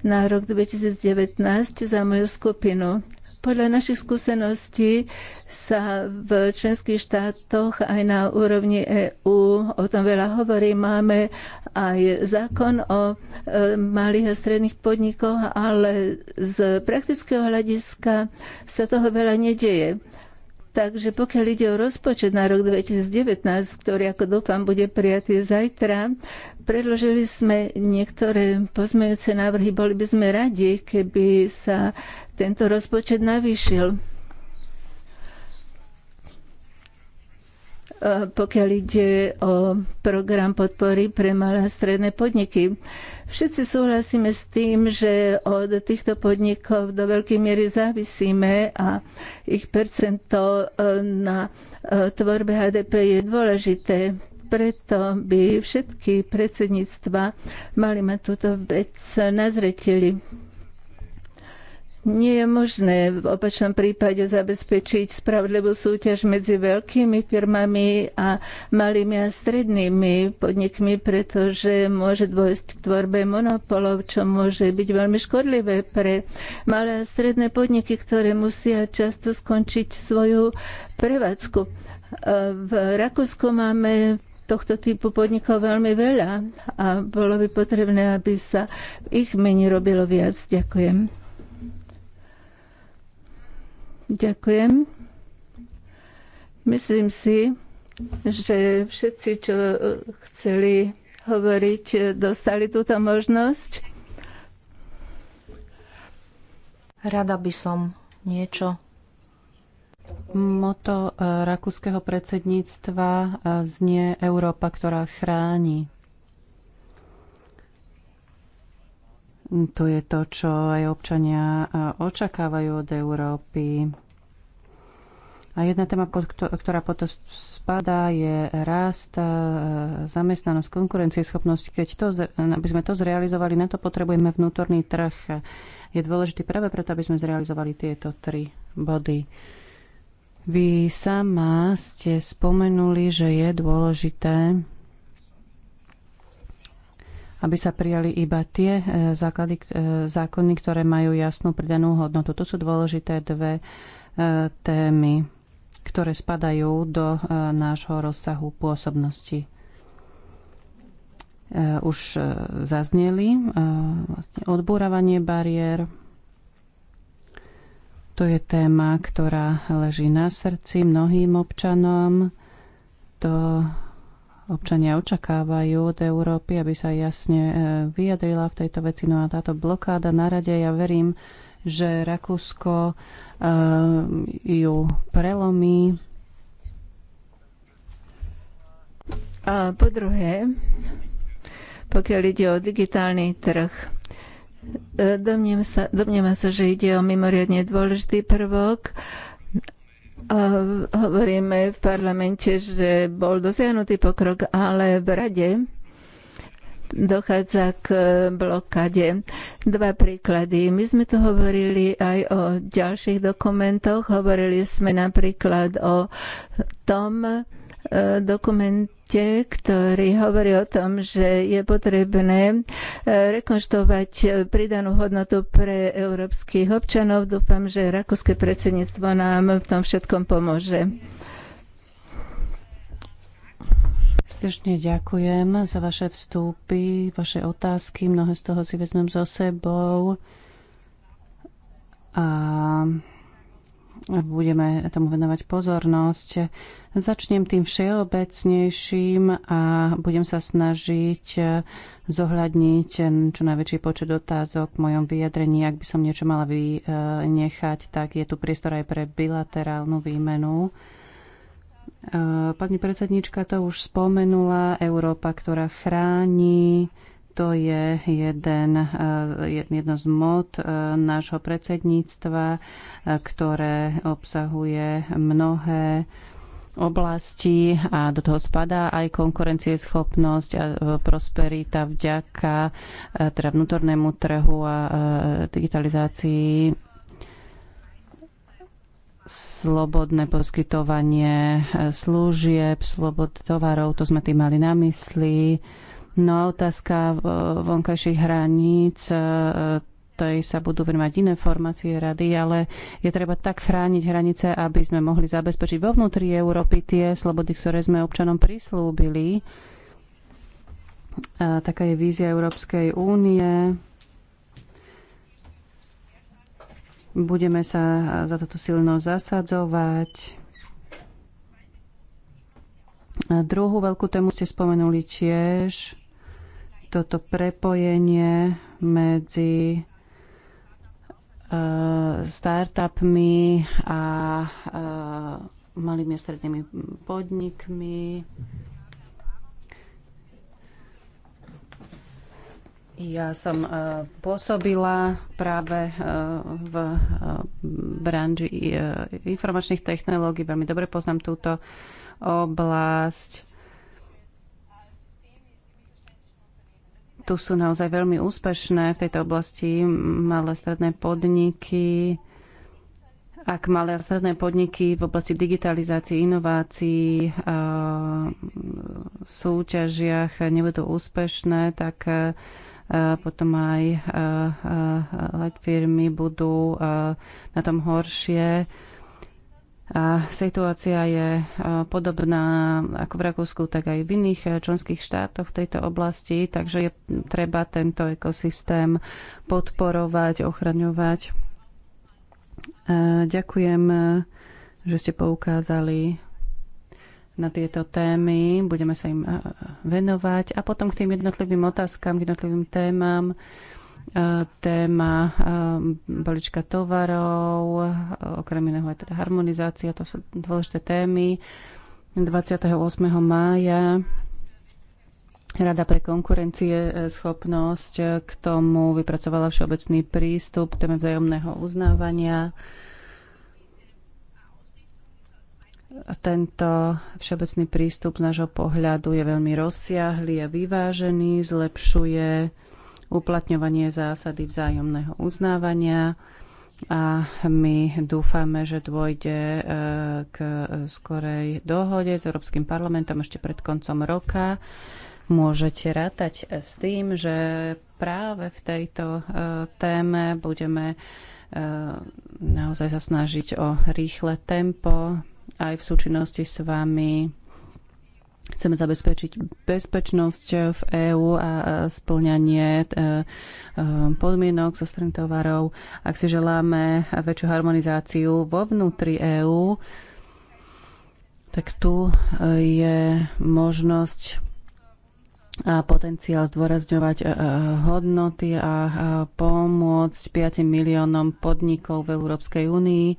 S2: na rok 2019 za moju skupinu. Podľa našich skúseností sa v členských štátoch aj na úrovni EÚ o tom veľa hovorí. Máme aj zákon o e, malých a stredných podnikoch, ale z praktického hľadiska sa toho veľa nedieje. Takže pokiaľ ide o rozpočet na rok 2019, ktorý ako dúfam bude prijatý zajtra, predložili sme niektoré pozmejúce návrhy. Boli by sme radi, keby sa tento rozpočet navýšil. pokiaľ ide o program podpory pre malé a stredné podniky. Všetci súhlasíme s tým, že od týchto podnikov do veľkej miery závisíme a ich percento e, na e, tvorbe HDP je dôležité. Preto by všetky predsedníctva mali mať túto vec na zreteli. Nie je možné v opačnom prípade zabezpečiť spravodlivú súťaž medzi veľkými firmami a malými a strednými podnikmi, pretože môže dôjsť k tvorbe monopolov, čo môže byť veľmi škodlivé pre malé a stredné podniky, ktoré musia často skončiť svoju prevádzku. V Rakúsku máme tohto typu podnikov veľmi veľa a bolo by potrebné, aby sa ich mení robilo viac. Ďakujem. Ďakujem. Myslím si, že všetci, čo chceli hovoriť, dostali túto možnosť. Rada by som niečo
S3: Moto eh, rakúskeho predsedníctva eh, znie Európa, ktorá chráni. To je to, čo aj občania očakávajú od Európy. A jedna téma, ktorá pod to spadá, je rast, zamestnanosť, konkurencieschopnosť. Keď to, aby sme to zrealizovali, na to potrebujeme vnútorný trh. Je dôležitý práve preto, aby sme zrealizovali tieto tri body. Vy sama ste spomenuli, že je dôležité aby sa prijali iba tie e, základy, e, zákony, ktoré majú jasnú pridanú hodnotu. To sú dôležité dve e, témy, ktoré spadajú do nášho rozsahu pôsobnosti už zazneli. Vlastne odbúravanie bariér. To je téma, ktorá leží na srdci mnohým občanom. To občania očakávajú od Európy, aby sa jasne e, vyjadrila v tejto veci. No a táto blokáda na rade, ja verím, že Rakúsko e,
S2: ju prelomí. A po druhé, pokiaľ ide o digitálny trh, e, domnieva sa, domnieva sa, že ide o mimoriadne dôležitý prvok hovoríme v parlamente, že bol dosiahnutý pokrok, ale v rade dochádza k blokade. Dva príklady. My sme tu hovorili aj o ďalších dokumentoch. Hovorili sme napríklad o tom, E, dokumente, ktorý hovorí o tom, že je potrebné e, rekonštruovať e, pridanú hodnotu pre európskych občanov. Dúfam, že rakúske predsedníctvo nám v tom všetkom pomôže.
S3: Srdečne ďakujem za vaše vstupy, vaše otázky. Mnohé z toho si vezmem so sebou. A budeme tomu venovať pozornosť. Začnem tým všeobecnejším a budem sa snažiť zohľadniť čo najväčší počet otázok v mojom vyjadrení. Ak by som niečo mala vynechať, tak je tu priestor aj pre bilaterálnu výmenu. Pani predsednička to už spomenula, Európa, ktorá chráni to je jeden, eh, jedno z mod eh, nášho predsedníctva, eh, ktoré obsahuje mnohé oblasti a do toho spadá aj konkurencieschopnosť a prosperita vďaka teda vnútornému trhu a digitalizácii slobodné poskytovanie služieb, slobod tovarov, to sme tým mali na mysli, No a otázka vonkajších hraníc, e, tej sa budú venovať iné formácie rady, ale je treba tak chrániť hranice, aby sme mohli zabezpečiť vo vnútri Európy tie slobody, ktoré sme občanom prislúbili. A e, taká je vízia Európskej únie. Budeme sa za toto silno zasadzovať. A druhú veľkú tému ste spomenuli tiež toto prepojenie medzi e, startupmi a e, malými a strednými podnikmi. Ja som e, pôsobila práve v branži informačných technológií. Veľmi dobre poznám túto oblasť tu sú naozaj veľmi úspešné v tejto oblasti malé stredné podniky. Ak malé a stredné podniky v oblasti digitalizácie, inovácií, súťažiach nebudú úspešné, tak potom aj let firmy budú na tom horšie. A situácia je e, podobná ako v Rakúsku, tak aj v iných e, členských štátoch v tejto oblasti, takže je treba tento ekosystém podporovať, ochraňovať. E, ďakujem, že ste poukázali na tieto témy, budeme sa im venovať a potom k tým jednotlivým otázkam, k jednotlivým témam téma eh, balíčka tovarov, eh, okrem iného aj teda harmonizácia, to sú dôležité témy. 28. mája Rada pre konkurencie eh, schopnosť k tomu vypracovala všeobecný prístup k téme vzájomného uznávania. Tento všeobecný prístup z nášho pohľadu je veľmi rozsiahlý a vyvážený, zlepšuje uplatňovanie zásady vzájomného uznávania a my dúfame, že dôjde e, k skorej dohode s Európskym parlamentom ešte pred koncom roka. Môžete rátať s tým, že práve v tejto e, téme budeme e, naozaj sa snažiť o rýchle tempo aj v súčinnosti s vami Chceme zabezpečiť bezpečnosť v EÚ a splňanie e, e, podmienok zo strany tovarov. Ak si želáme väčšiu harmonizáciu vo vnútri EÚ, tak tu e, je možnosť a potenciál zdôrazňovať hodnoty a pomôcť 5 miliónom podnikov v Európskej únii.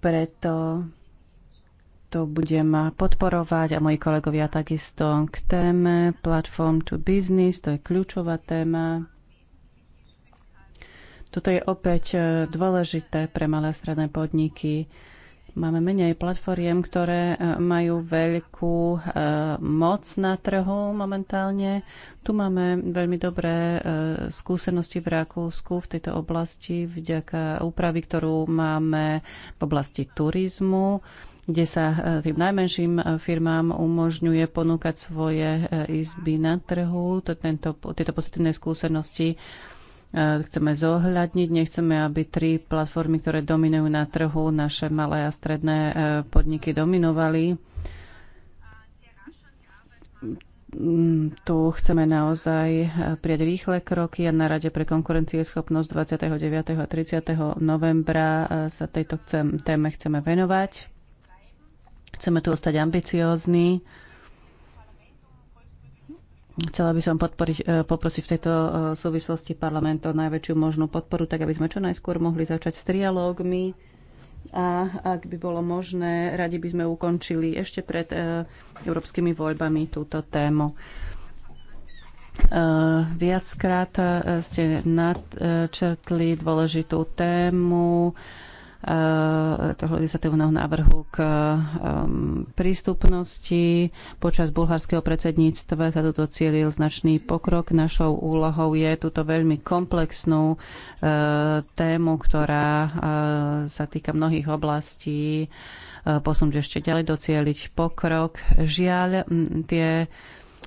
S3: Preto to budem podporovať a moji kolegovia takisto k téme Platform to Business, to je kľúčová téma. Toto je opäť e, dôležité pre malé a stredné podniky. Máme menej platformiem, ktoré e, majú veľkú e, moc na trhu momentálne. Tu máme veľmi dobré skúsenosti v Rakúsku v tejto oblasti vďaka úpravy, ktorú máme v oblasti turizmu kde sa e, tým najmenším e, firmám umožňuje ponúkať svoje e, izby na trhu. Tento, tieto pozitívne skúsenosti chceme zohľadniť. Nechceme, aby tri platformy, ktoré dominujú na trhu, naše malé a stredné podniky dominovali. Tu chceme naozaj prijať rýchle kroky a na Rade pre konkurencieschopnosť 29. a 30. novembra sa tejto téme chceme venovať. Chceme tu ostať ambiciózni. Chcela by som podporiť, e, poprosiť v tejto e, súvislosti parlament o najväčšiu možnú podporu, tak aby sme čo najskôr mohli začať s trialógmi a ak by bolo možné, radi by sme ukončili ešte pred e, európskymi voľbami túto tému. Uh, viackrát ste nadčrtli dôležitú tému Eh, toho legislatívneho návrhu k eh, prístupnosti. Počas bulharského predsedníctva sa tu cieľil značný pokrok. Našou úlohou je túto veľmi komplexnú eh, tému, ktorá sa týka mnohých oblastí, posunúť ešte ďalej, docieliť pokrok. Žiaľ, tie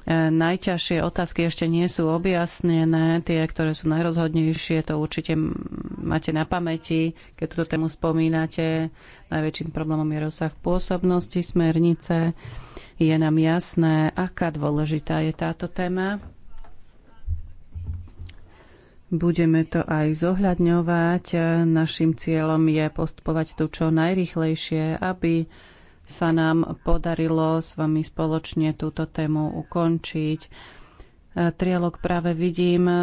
S3: E, najťažšie otázky ešte nie sú objasnené. Tie, ktoré sú najrozhodnejšie, to určite máte na pamäti, keď túto tému spomínate. Najväčším problémom je rozsah pôsobnosti smernice. Je nám jasné, aká dôležitá je táto téma. Budeme to aj zohľadňovať. E, našim cieľom je postupovať tu čo najrychlejšie, aby sa nám podarilo s vami spoločne túto tému ukončiť. E, Trialog práve vidím, e,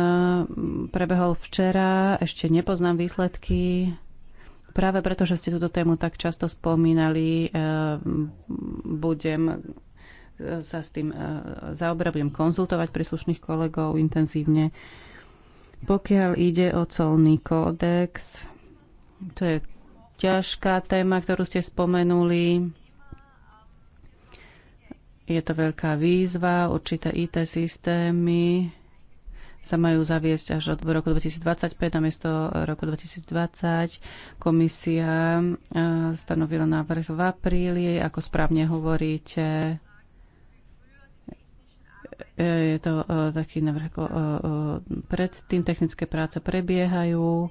S3: prebehol včera, ešte nepoznám výsledky. Práve preto, že ste túto tému tak často spomínali, e, budem sa s tým zaoberať, budem konzultovať príslušných kolegov intenzívne. Pokiaľ ide o colný kódex, to je ťažká téma, ktorú ste spomenuli. Je to veľká výzva, určité IT systémy sa majú zaviesť až od roku 2025 namiesto roku 2020. Komisia e, stanovila návrh v apríli, ako správne hovoríte. E, je to e, taký návrh, predtým technické práce prebiehajú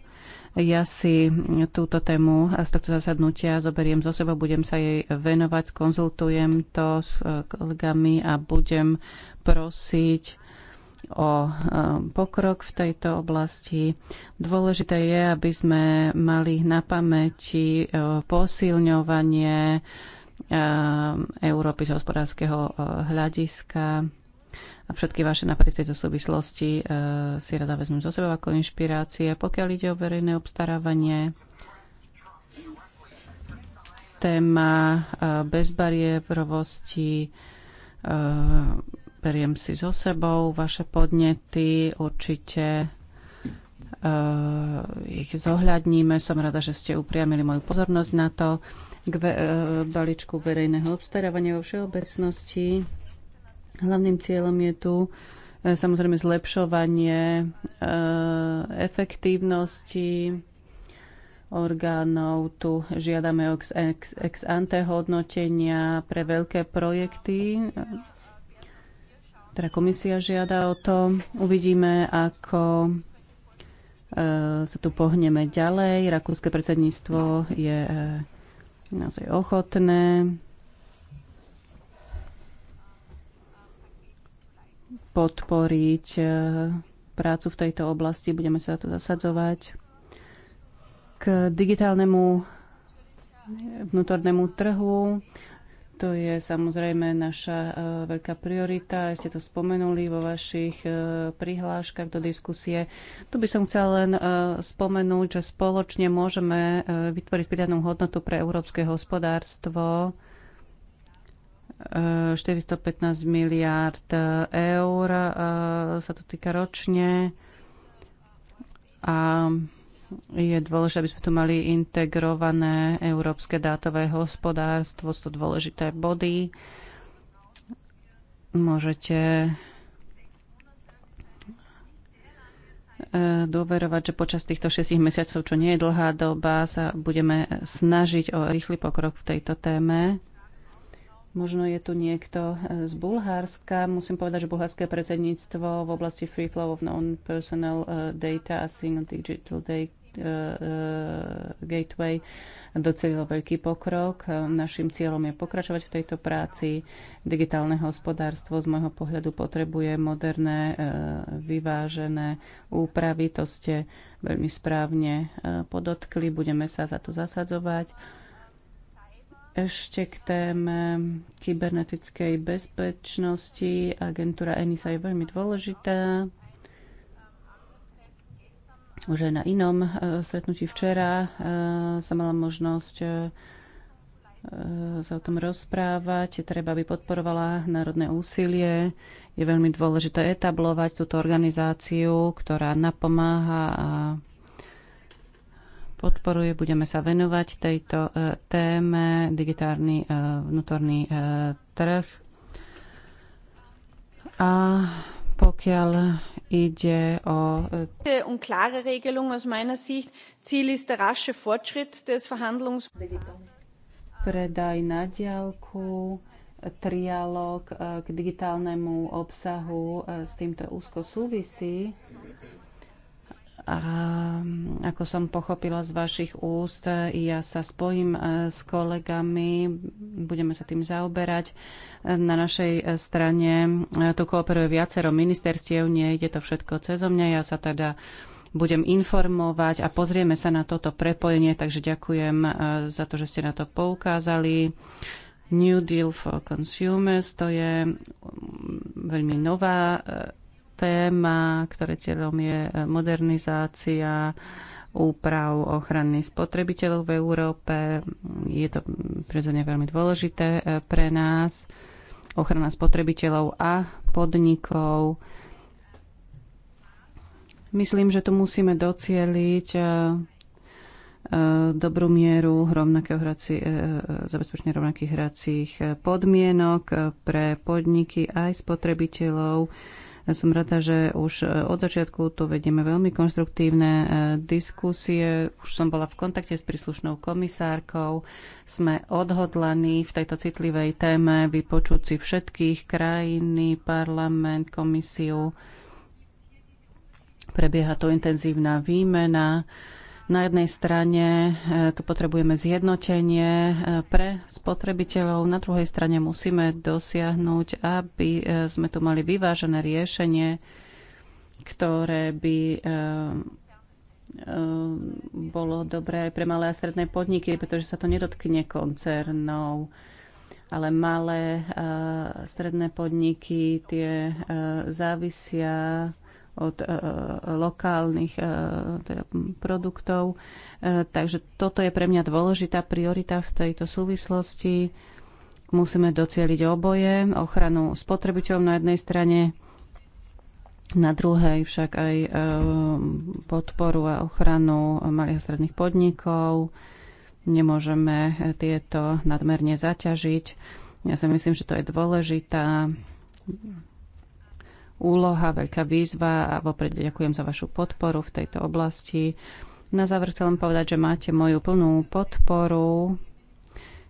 S3: ja si túto tému z tohto zasadnutia zoberiem zo sebou, budem sa jej venovať, konzultujem to s e, kolegami a budem prosiť o e, pokrok v tejto oblasti. Dôležité je, aby sme mali na pamäti e, posilňovanie Európy z hospodárskeho hľadiska a všetky vaše napady v tejto súvislosti e, si rada vezmem zo sebou ako inšpirácie. Pokiaľ ide o verejné obstarávanie, téma e, bezbariérovosti, e, beriem si so sebou vaše podnety, určite ich zohľadníme. Som rada, že ste upriamili moju pozornosť na to k balíčku verejného obstarávania vo všeobecnosti. Hlavným cieľom je tu e, samozrejme zlepšovanie e, efektívnosti orgánov. Tu žiadame ex, ex, ex ante hodnotenia pre veľké projekty. Teda komisia žiada o to. Uvidíme, ako e, sa tu pohneme ďalej. Rakúske predsedníctvo je naozaj ochotné podporiť e, prácu v tejto oblasti. Budeme sa to zasadzovať. K digitálnemu vnútornému trhu. To je samozrejme naša e, veľká priorita. Ste to spomenuli vo vašich e, prihláškach do diskusie. Tu by som chcela len spomenúť, že spoločne môžeme vytvoriť pridanú hodnotu pre európske hospodárstvo 415 eh, miliárd eh, eur eh, sa to týka ročne a je dôležité, aby sme tu mali integrované európske dátové hospodárstvo. Sú to dôležité body. Môžete dôverovať, že počas týchto 6 mesiacov, čo nie je dlhá doba, sa budeme snažiť o rýchly pokrok v tejto téme. Možno je tu niekto e, z Bulharska. Musím povedať, že bulharské predsedníctvo v oblasti Free Flow of Non-Personal e, Data a Single Digital Data e, Gateway docelilo veľký pokrok. Našim cieľom je pokračovať v tejto práci. Digitálne hospodárstvo z môjho pohľadu potrebuje moderné, vyvážené úpravy. To ste veľmi správne podotkli. Budeme sa za to zasadzovať ešte k téme kybernetickej bezpečnosti. Agentúra ENISA je veľmi dôležitá. Už aj na inom e, stretnutí včera e, sa mala možnosť e, sa o tom rozprávať. Treba, aby podporovala národné úsilie. Je veľmi dôležité etablovať túto organizáciu, ktorá napomáha a podporuje. Budeme sa venovať tejto e, téme, digitárny e, vnútorný e, trh. A pokiaľ ide o...
S2: Und klare Regelung aus meiner Sicht. Ziel ist der rasche Fortschritt des Verhandlungs...
S3: Predaj na diálku, trialog k digitálnemu obsahu s týmto úzko súvisí a mm, ako som pochopila z vašich úst, ja sa spojím e, s kolegami, budeme sa tým zaoberať. Na našej e, strane e, tu kooperuje viacero ministerstiev, nie ide to všetko cez mňa, ja sa teda budem informovať a pozrieme sa na toto prepojenie, takže ďakujem za to, že ste na to poukázali. New Deal for Consumers, to je mm, veľmi nová téma, ktoré cieľom je e, modernizácia úprav ochrany spotrebiteľov v Európe. Je to prirodzene veľmi dôležité e, pre nás. Ochrana spotrebiteľov a podnikov. Myslím, že tu musíme docieliť e, dobrú mieru zabezpečenia rovnakých hracích podmienok pre podniky aj spotrebiteľov som rada, že už e, od začiatku tu vedieme veľmi konstruktívne e, diskusie. Už som bola v kontakte s príslušnou komisárkou. Sme odhodlaní v tejto citlivej téme vypočuť si všetkých krajiny, parlament, komisiu. Prebieha to intenzívna výmena na jednej strane e, tu potrebujeme zjednotenie e, pre spotrebiteľov, na druhej strane musíme dosiahnuť, aby e, sme tu mali vyvážené riešenie, ktoré by bolo dobré aj pre malé a stredné podniky, pretože sa to nedotkne koncernov ale malé a stredné podniky tie závisia od e, lokálnych e, teda produktov. E, takže toto je pre mňa dôležitá priorita v tejto súvislosti. Musíme docieliť oboje, ochranu spotrebiteľov na jednej strane, na druhej však aj podporu a ochranu malých a stredných podnikov. Nemôžeme tieto nadmerne zaťažiť. Ja si myslím, že to je dôležitá úloha, veľká výzva a vopred ďakujem za vašu podporu v tejto oblasti. Na záver chcem povedať, že máte moju plnú podporu.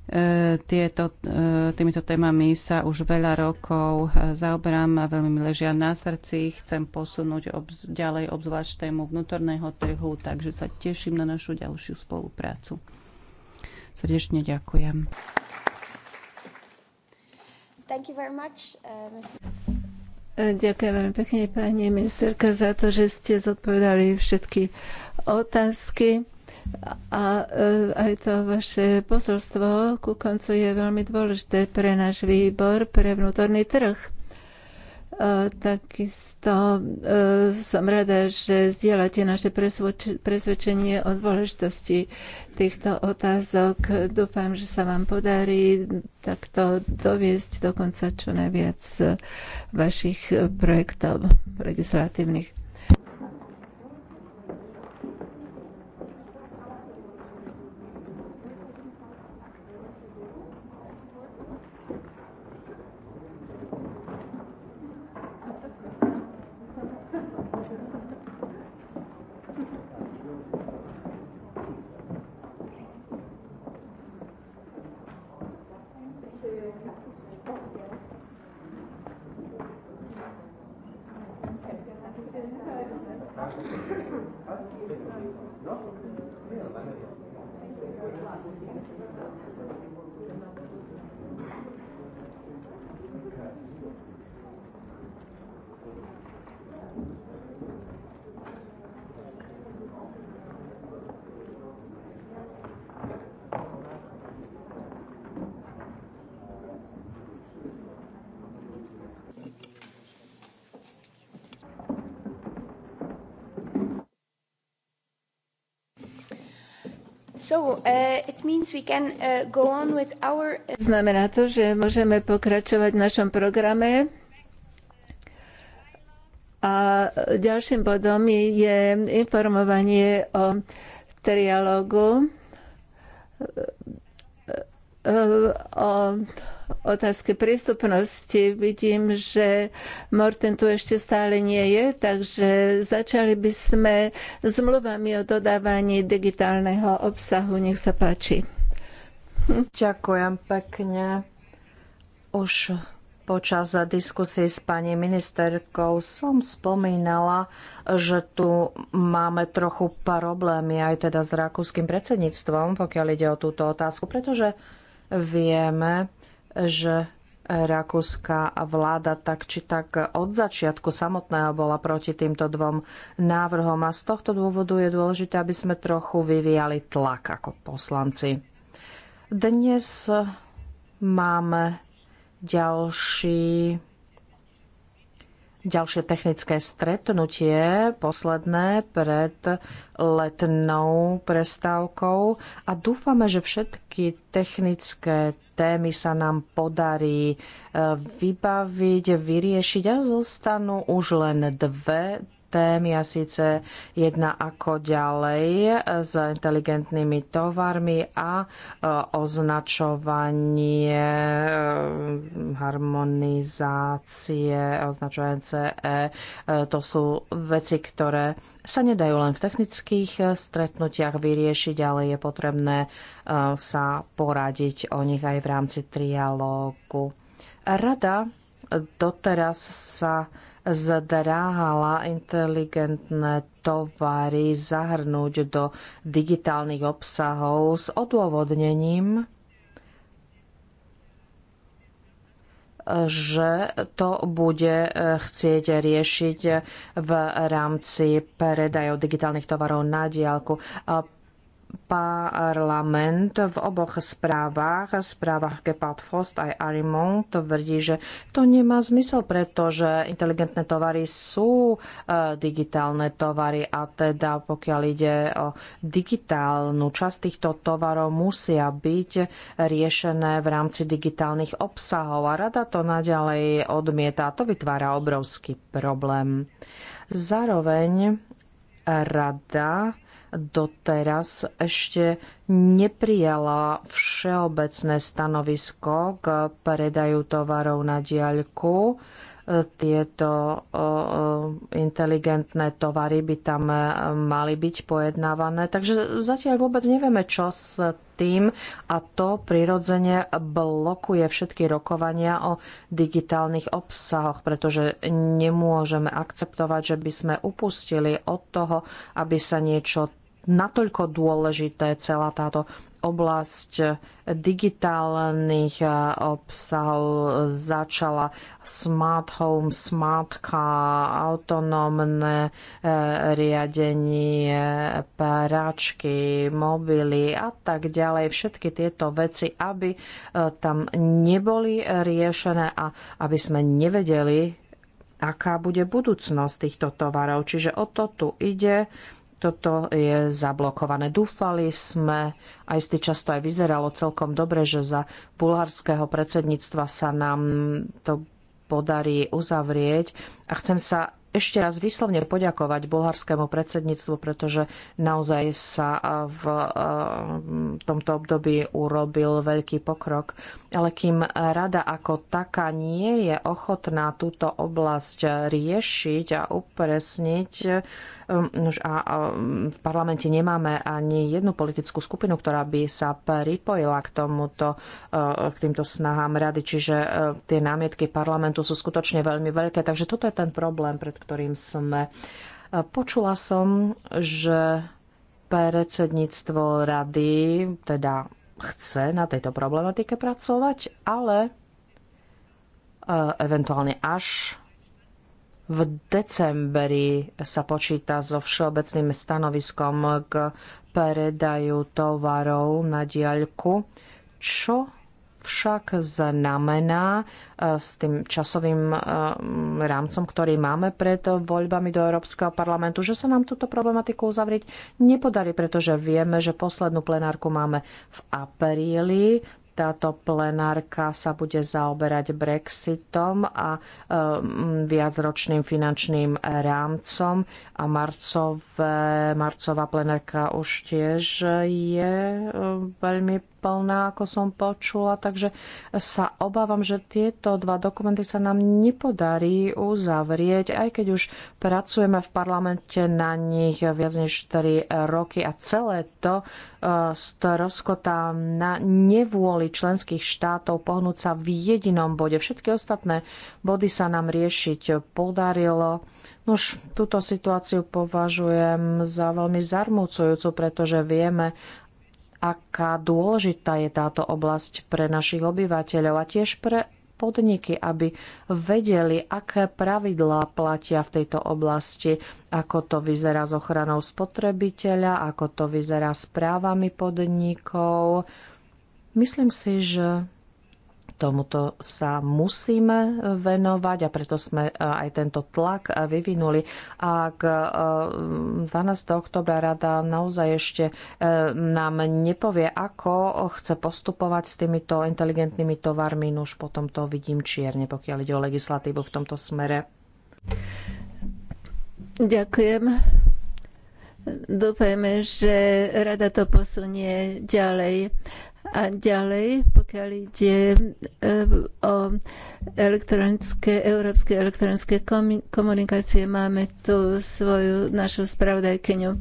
S3: E, tieto, e, týmito témami sa už veľa rokov e, zaoberám a veľmi mi ležia na srdci. Chcem posunúť obz, ďalej obzvlášť tému vnútorného trhu, takže sa teším na našu ďalšiu spoluprácu. Srdečne
S2: ďakujem. Thank you very much, uh, Mr. E, ďakujem veľmi pekne, pani ministerka, za to, že ste zodpovedali všetky otázky. A e, aj to vaše posolstvo ku koncu je veľmi dôležité pre náš výbor, pre vnútorný trh. E, takisto e, som rada, že zdieľate naše presvedčenie o dôležitosti týchto otázok. Dúfam, že sa vám podarí takto doviesť dokonca čo najviac e, vašich projektov legislatívnych. No? So, uh, uh our... Uh, Znamená to, že môžeme pokračovať v našom programe. A ďalším bodom je informovanie o trialógu e, e, o otázke prístupnosti vidím, že Morten tu ešte stále nie je, takže začali by sme zmluvami o dodávaní digitálneho obsahu. Nech sa páči. Ďakujem pekne. Už
S1: Počas diskusie s pani ministerkou som spomínala, že tu máme trochu problémy aj teda s rakúskym predsedníctvom, pokiaľ ide o túto otázku, pretože vieme, že rakúska vláda tak či tak od začiatku samotného bola proti týmto dvom návrhom a z tohto dôvodu je dôležité, aby sme trochu vyvíjali tlak ako poslanci. Dnes máme ďalší ďalšie technické stretnutie, posledné pred letnou prestávkou a dúfame, že všetky technické témy sa nám podarí eh, vybaviť, vyriešiť a zostanú už len dve témy a síce jedna ako ďalej eh, s inteligentnými tovarmi a eh, označovanie eh, harmonizácie, označovanie CE. To sú veci, ktoré sa nedajú len v technických stretnutiach vyriešiť, ale je potrebné sa poradiť o nich aj v rámci trialógu. Rada doteraz sa zdráhala inteligentné tovary zahrnúť do digitálnych obsahov s odôvodnením, že to bude eh, chcieť riešiť v rámci predajov digitálnych tovarov na diálku parlament v oboch správach, správach Gepard Frost aj Arimont, tvrdí, že to nemá zmysel, pretože inteligentné tovary sú eh, digitálne tovary a teda pokiaľ ide o digitálnu časť týchto tovarov musia byť riešené v rámci digitálnych obsahov a rada to naďalej odmieta a to vytvára obrovský problém. Zároveň rada doteraz ešte neprijala všeobecné stanovisko k predaju tovarov na diaľku. E, tieto e, e, inteligentné tovary by tam mali byť pojednávané. Takže zatiaľ vôbec nevieme, čo s tým a to prirodzene blokuje všetky rokovania o digitálnych obsahoch, pretože nemôžeme akceptovať, že by sme upustili od toho, aby sa niečo natoľko dôležité celá táto oblasť digitálnych eh, obsahov začala smart home, smart car, autonómne eh, riadenie, práčky, mobily a tak ďalej. Všetky tieto veci, aby eh, tam neboli riešené a aby sme nevedeli, aká bude budúcnosť týchto tovarov. Čiže o to tu ide toto je zablokované. Dúfali sme, a istý často aj vyzeralo celkom dobre, že za bulharského predsedníctva sa nám to podarí uzavrieť. A chcem sa ešte raz výslovne poďakovať bulharskému predsedníctvu, pretože naozaj sa v tomto období urobil veľký pokrok. Ale kým rada ako taká nie je ochotná túto oblasť riešiť a upresniť, Ehm, a v parlamente nemáme ani jednu politickú skupinu, ktorá by sa pripojila k tomuto, e, k týmto snahám rady, čiže e, tie námietky parlamentu sú skutočne veľmi veľké, takže toto je ten problém, pred ktorým sme. E, počula som, že predsedníctvo rady teda chce na tejto problematike pracovať, ale eventuálne až v decembri sa počíta so všeobecným stanoviskom k predaju tovarov na diaľku, čo však znamená e, s tým časovým e, rámcom, ktorý máme pred voľbami do Európskeho parlamentu, že sa nám túto problematiku uzavrieť nepodarí, pretože vieme, že poslednú plenárku máme v apríli. Táto plenárka sa bude zaoberať Brexitom a ehm, viacročným finančným rámcom a marcové, marcová plenárka už tiež je ehm, veľmi plná, ako som počula, takže sa obávam, že tieto dva dokumenty sa nám nepodarí uzavrieť, aj keď už pracujeme v parlamente na nich viac než 4 roky a celé to e, stroskotá na nevôli členských štátov pohnúť sa v jedinom bode. Všetky ostatné body sa nám riešiť podarilo. Nož, túto situáciu považujem za veľmi zarmúcujúcu, pretože vieme, aká dôležitá je táto oblasť pre našich obyvateľov a tiež pre podniky, aby vedeli, aké pravidlá platia v tejto oblasti, ako to vyzerá s ochranou spotrebiteľa, ako to vyzerá s právami podnikov. Myslím si, že Tomuto sa musíme venovať a preto sme e, aj tento tlak vyvinuli. Ak 12. E, oktobra rada naozaj ešte e, nám nepovie, ako chce postupovať s týmito inteligentnými tovarmi, no už potom to vidím čierne, pokiaľ ide o legislatívu v tomto
S2: smere. Ďakujem. Dúfajme, že rada to posunie ďalej. A ďalej, pokiaľ ide eh, o elektronické, európske elektronické komunikácie, máme tu svoju našu spravodajkyňu.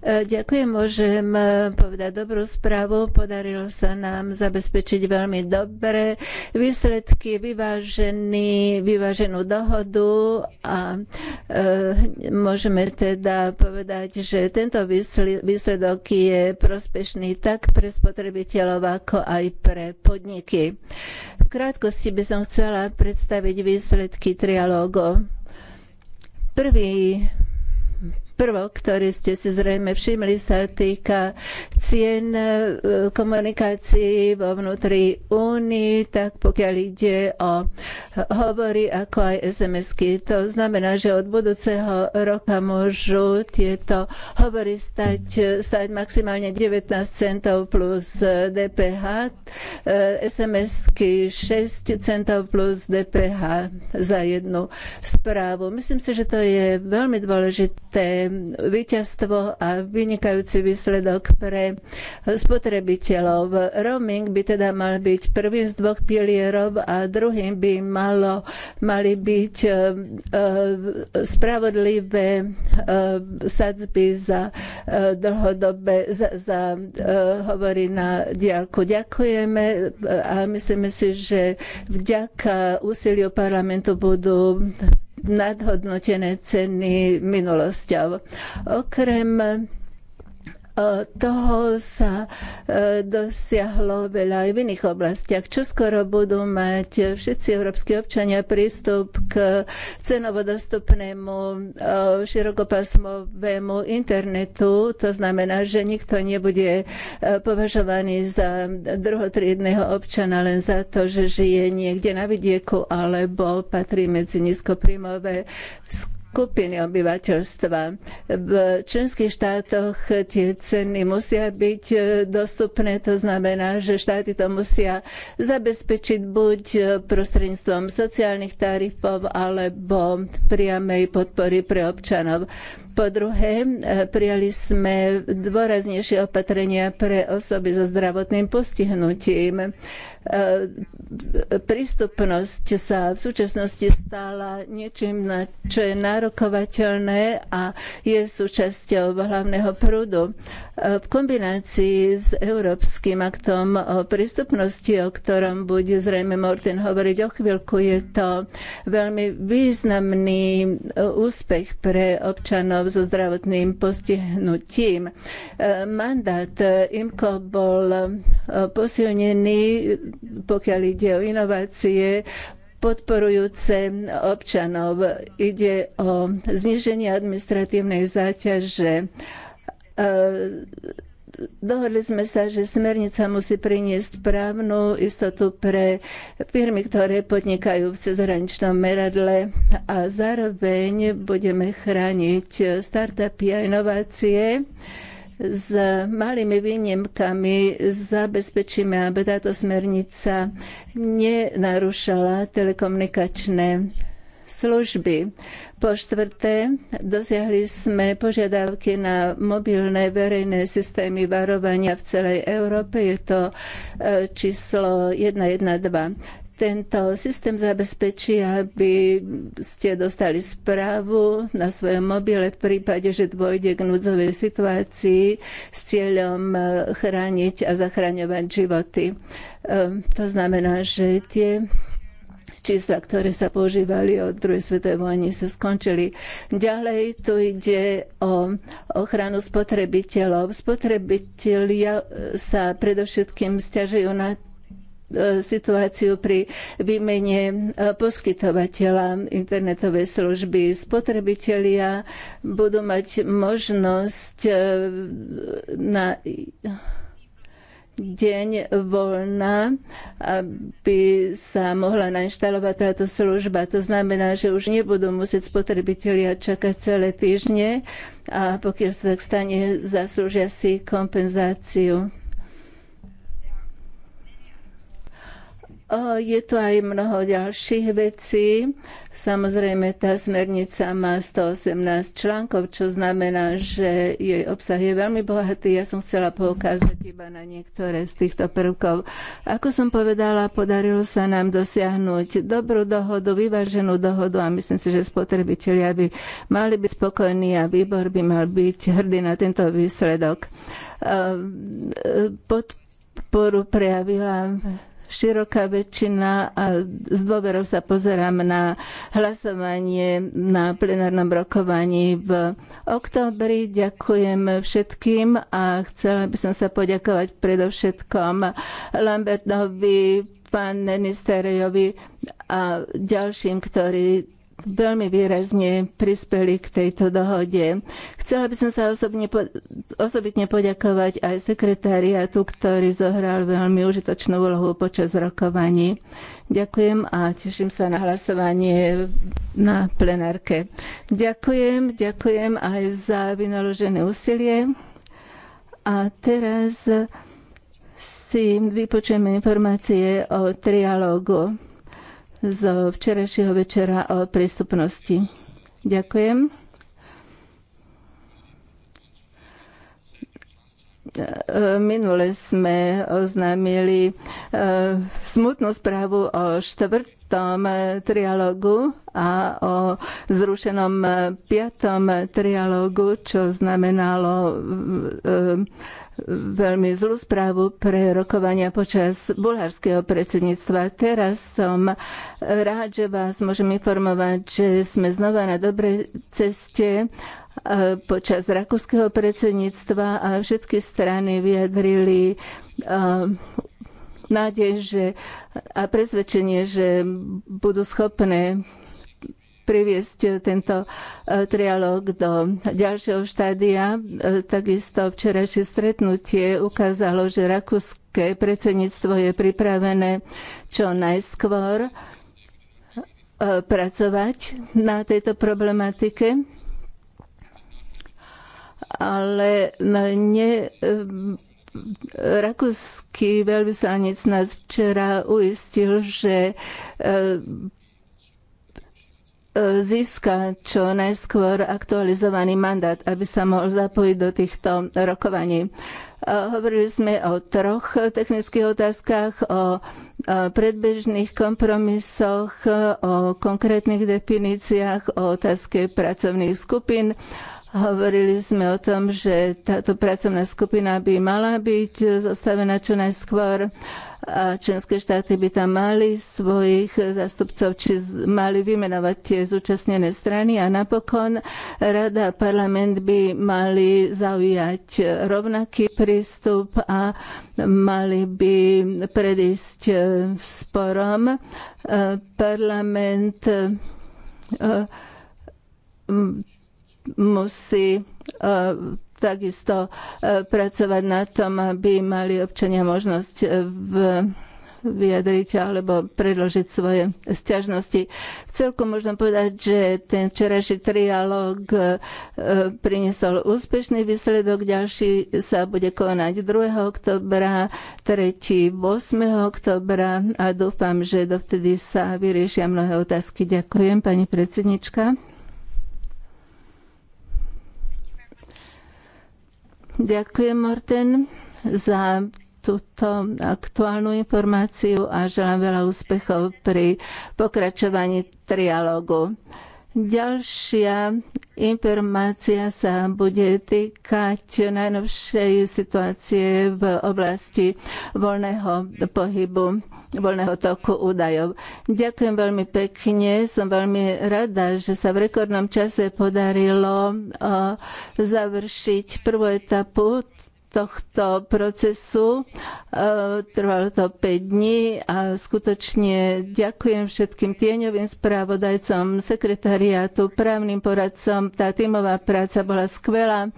S2: E, ďakujem, môžem e, povedať dobrú správu. Podarilo sa nám zabezpečiť veľmi dobré výsledky, vyvážený, vyváženú dohodu a e, môžeme teda povedať, že tento výsledok je prospešný tak pre spotrebiteľov, ako aj pre podniky. V krátkosti by som chcela predstaviť výsledky trialógu. Prvý prvok, ktorý ste si zrejme všimli, sa týka cien e, komunikácií vo vnútri Únii, tak pokiaľ ide o hovory ako aj SMS-ky. To znamená, že od budúceho roka môžu tieto hovory stať, stať maximálne 19 centov plus DPH, e, SMS-ky 6 centov plus DPH za jednu správu. Myslím si, že to je veľmi dôležité víťazstvo a vynikajúci výsledok pre spotrebiteľov. Roaming by teda mal byť prvým z dvoch pilierov a druhým by malo, mali byť e, e, spravodlivé e, sadzby za dlhodobé, za, za hovory na diálku. Ďakujeme a myslíme si, že vďaka úsiliu parlamentu budú nadhodnotené ceny minulosťou. Okrem toho sa e, dosiahlo veľa aj v iných oblastiach. Čo skoro budú mať všetci európsky občania prístup k cenovo dostupnému e, širokopásmovému internetu. To znamená, že nikto nebude e, považovaný za druhotriedného občana len za to, že žije niekde na vidieku alebo patrí medzi nízkoprímové skupiny skupiny obyvateľstva. V členských štátoch tie ceny musia byť e, dostupné, to znamená, že štáty to musia zabezpečiť buď e, prostredníctvom sociálnych tarifov alebo priamej podpory pre občanov. Po druhé, e, prijali sme dôraznejšie opatrenia pre osoby so zdravotným postihnutím. E, prístupnosť sa v súčasnosti stala niečím, čo je nárokovateľné a je súčasťou hlavného prúdu. E, v kombinácii s Európskym aktom o prístupnosti, o ktorom bude zrejme Martin hovoriť o chvíľku, je to veľmi významný e, úspech pre občanov so zdravotným postihnutím. Mandát IMCO bol posilnený pokiaľ ide o inovácie, podporujúce občanov. Ide o zniženie administratívnej záťaže. Dohodli sme sa, že smernica musí priniesť právnu istotu pre firmy, ktoré podnikajú v cezhraničnom meradle a zároveň budeme chrániť startupy a inovácie. S malými výnimkami zabezpečíme, aby táto smernica nenarušala telekomunikačné služby. Po štvrté, dosiahli sme požiadavky na mobilné verejné systémy varovania v celej Európe. Je to e, číslo 112. Tento systém zabezpečí, aby ste dostali správu na svojom mobile v prípade, že dôjde k núdzovej situácii s cieľom eh, chrániť a zachraňovať životy. Ehm, to znamená, že tie čísla, ktoré sa používali od druhej svetovej vojny, sa skončili. Ďalej tu ide o ochranu spotrebiteľov. Spotrebitelia eh, sa predovšetkým stiažujú na situáciu pri výmene e, poskytovateľa internetovej služby. Spotrebitelia budú mať možnosť e, na deň voľna, aby sa mohla nainštalovať táto služba. To znamená, že už nebudú musieť spotrebitelia čakať celé týždne a pokiaľ sa tak stane, zaslúžia si kompenzáciu. Je tu aj mnoho ďalších vecí. Samozrejme, tá smernica má 118 článkov, čo znamená, že jej obsah je veľmi bohatý. Ja som chcela poukázať iba na niektoré z týchto prvkov. Ako som povedala, podarilo sa nám dosiahnuť dobrú dohodu, vyváženú dohodu a myslím si, že spotrebitelia by mali byť spokojní a výbor by mal byť hrdý na tento výsledok. E, podporu prejavila široká väčšina a s dôverou sa pozerám na hlasovanie na plenárnom rokovaní v októbri. Ďakujem všetkým a chcela by som sa poďakovať predovšetkom Lambertovi, pán Nenisterejovi a ďalším, ktorí veľmi výrazne prispeli k tejto dohode. Chcela by som sa osobne, osobitne poďakovať aj sekretariatu, ktorý zohral veľmi užitočnú úlohu počas rokovaní. Ďakujem a teším sa na hlasovanie na plenárke. Ďakujem, ďakujem aj za vynaložené úsilie. A teraz si vypočujeme informácie o trialógu z včerajšieho večera o prístupnosti. Ďakujem. Minule sme oznámili eh, smutnú správu o štvrt piatom eh, trialogu a o zrušenom eh, piatom trialogu, čo znamenalo eh, veľmi zlú správu pre rokovania počas bulharského predsedníctva. Teraz som rád, že vás môžem informovať, že sme znova na dobrej ceste počas rakúskeho predsedníctva a všetky strany vyjadrili nádej že, a presvedčenie, že budú schopné priviesť tento e, trialóg do ďalšieho štádia. E, takisto včerajšie stretnutie ukázalo, že rakúske predsedníctvo je pripravené čo najskôr e, pracovať na tejto problematike ale no, ne, Rakúsky veľvyslanec nás včera uistil, že e, e, získa čo najskôr aktualizovaný mandát, aby sa mohol zapojiť do týchto rokovaní. E, hovorili sme o troch technických otázkach, o predbežných kompromisoch, o konkrétnych definíciách, o otázke pracovných skupín Hovorili sme o tom, že táto pracovná skupina by mala byť zostavená čo najskôr a členské štáty by tam mali svojich zastupcov, či mali vymenovať tie zúčastnené strany a napokon Rada a parlament by mali zaujať rovnaký prístup a mali by predísť e, sporom. E, parlament e, musí e, takisto e, pracovať na tom, aby mali občania možnosť e, v vyjadriť alebo predložiť svoje sťažnosti. V celku možno povedať, že ten včerajší trialóg priniesol úspešný výsledok. Ďalší sa bude konať 2. oktobra, tretí 8. oktobra a dúfam, že dovtedy sa vyriešia mnohé otázky. Ďakujem, pani predsednička. Ďakujem, Morten, za túto aktuálnu informáciu a želám veľa úspechov pri pokračovaní trialógu. Ďalšia informácia sa bude týkať najnovšej situácie v oblasti voľného pohybu, voľného toku údajov. Ďakujem veľmi pekne, som veľmi rada, že sa v rekordnom čase podarilo eh, završiť prvú etapu tohto procesu. E, trvalo to 5 dní a skutočne ďakujem všetkým tieňovým správodajcom, sekretariátu, právnym poradcom. Tá tímová práca bola skvelá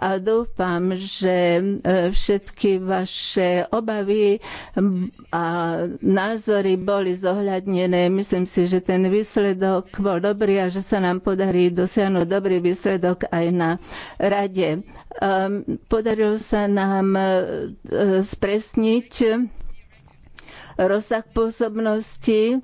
S2: a dúfam, že e, všetky vaše obavy a názory boli zohľadnené. Myslím si, že ten výsledok bol dobrý a že sa nám podarí dosiahnuť dobrý výsledok aj na rade. E, podarilo sa sa nám e, e, spresniť rozsah pôsobnosti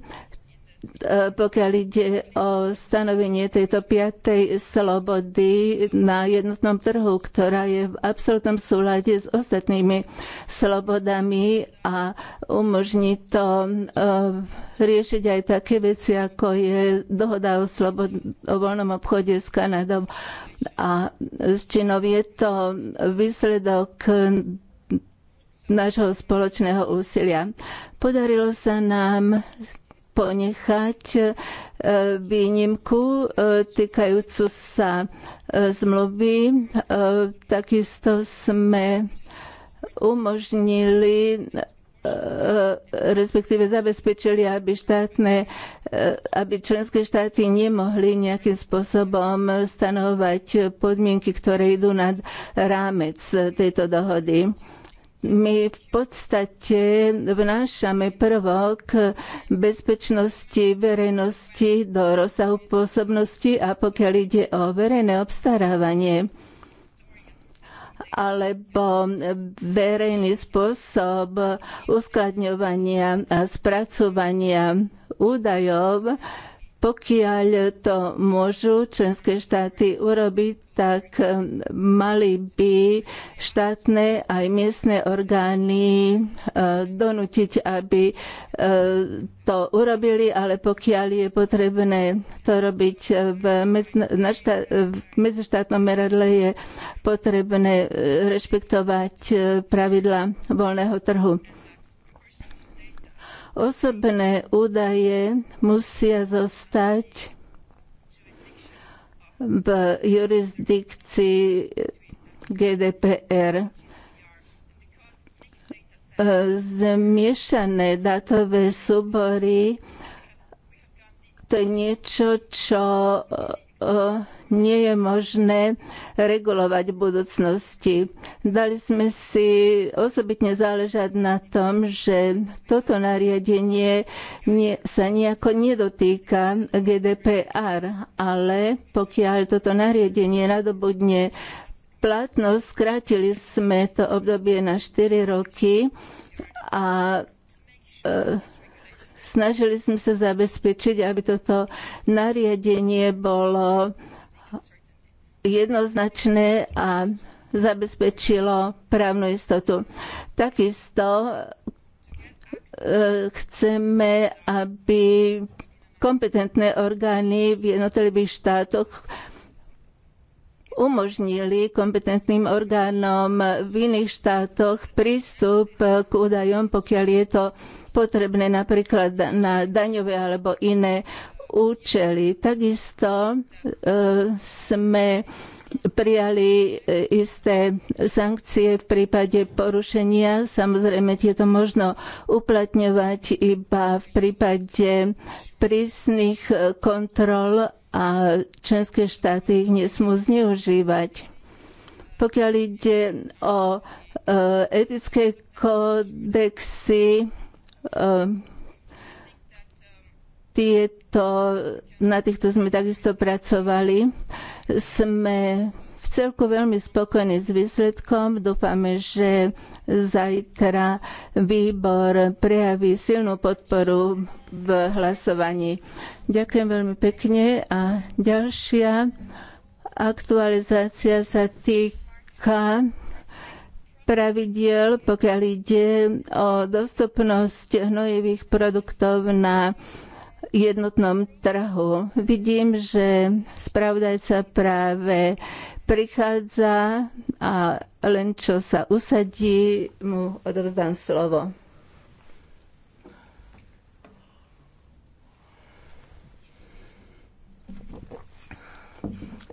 S2: E, pokiaľ ide o stanovenie tejto piatej slobody na jednotnom trhu, ktorá je v absolútnom súlade s ostatnými slobodami a umožní to e, riešiť aj také veci, ako je dohoda o, slobod- o voľnom obchode s Kanadou a s Čínou. Je to výsledok nášho spoločného úsilia. Podarilo sa nám ponechať e, výnimku e, týkajúcu sa e, zmluvy. Takisto sme umožnili respektíve zabezpečili, aby, štátne, aby členské štáty nemohli nejakým spôsobom stanovať podmienky, ktoré idú nad rámec tejto dohody my v podstate vnášame prvok bezpečnosti verejnosti do rozsahu pôsobnosti a pokiaľ ide o verejné obstarávanie alebo verejný spôsob uskladňovania a spracovania údajov, pokiaľ to môžu členské štáty urobiť, tak um, mali by štátne aj miestne orgány uh, donútiť, aby uh, to urobili, ale pokiaľ je potrebné to robiť uh, v, medzištátnom meradle, je potrebné rešpektovať pravidla voľného trhu. Osobné údaje musia zostať v jurisdikcii GDPR zmiešané datové súbory to je niečo, čo nie je možné regulovať v budúcnosti. Dali sme si osobitne záležať na tom, že toto nariadenie sa nejako nedotýka GDPR, ale pokiaľ toto nariadenie nadobudne platnosť, skrátili sme to obdobie na 4 roky a e, snažili sme sa zabezpečiť, aby toto nariadenie bolo jednoznačné a zabezpečilo právnu istotu. Takisto e, chceme, aby kompetentné orgány v jednotlivých štátoch umožnili kompetentným orgánom v iných štátoch prístup k údajom, pokiaľ je to potrebné napríklad na daňové alebo iné účely. Takisto e, sme prijali e, isté sankcie v prípade porušenia. Samozrejme, tieto možno uplatňovať iba v prípade prísnych e, kontrol a členské štáty ich nesmú zneužívať. Pokiaľ ide o etické kódexy, tieto, na týchto sme takisto pracovali. Sme v celku veľmi spokojní s výsledkom. Dúfame, že zajtra výbor prejaví silnú podporu v hlasovaní. Ďakujem veľmi pekne a ďalšia aktualizácia sa týka pravidiel, pokiaľ ide o dostupnosť hnojivých produktov na jednotnom trhu. Vidím, že spravodajca práve prichádza a len čo sa usadí, mu odovzdám slovo.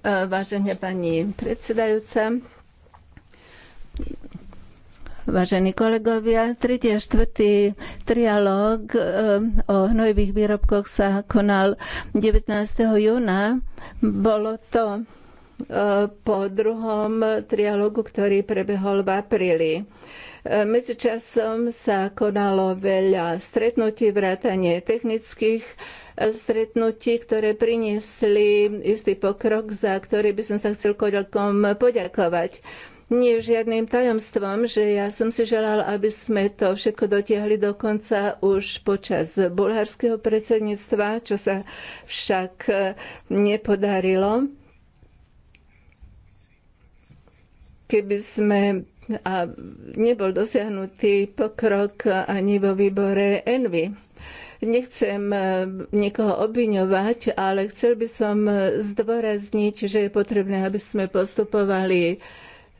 S2: Vážená pani predsedajúca, Vážení kolegovia, Tretí a štvrtý trialóg e, o hnojivých výrobkoch sa konal 19. júna. Bolo to e, po druhom trialógu, ktorý prebehol v apríli. E, medzičasom sa konalo veľa stretnutí, vrátanie technických stretnutí, ktoré priniesli istý pokrok, za ktorý by som sa chcel kolegom poďakovať. Nie je žiadnym tajomstvom, že ja som si želal, aby sme to všetko dotiahli do konca už počas bulharského predsedníctva, čo sa však e, nepodarilo. Keby sme a nebol dosiahnutý pokrok ani vo výbore Envy. Nechcem e, niekoho obviňovať, ale chcel by som e, zdôrazniť, že je potrebné, aby sme postupovali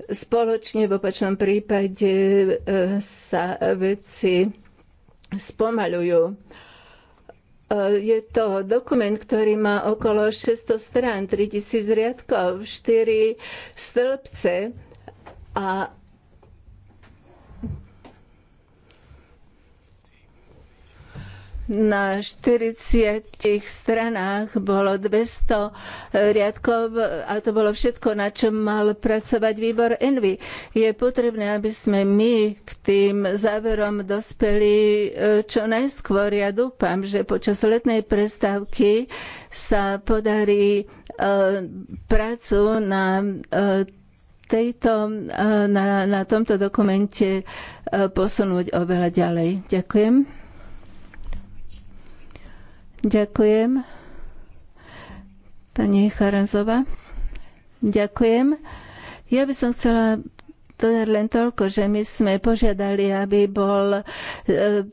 S2: Spoločne v opačnom prípade eh, sa veci spomalujú. Eh, je to dokument, ktorý má okolo 600 strán, 3000 riadkov, 4 stĺpce a na 40 stranách bolo 200 riadkov a to bolo všetko, na čom mal pracovať výbor Envy. Je potrebné, aby sme my k tým záverom dospeli e, čo najskôr. Ja dúfam, že počas letnej prestávky sa podarí e, prácu na e, tejto, na, na tomto dokumente posunúť oveľa ďalej. Ďakujem. Ďakujem. Pani Charanzova. Ďakujem. Ja by som chcela dodať len toľko, že my sme požiadali, aby bol e,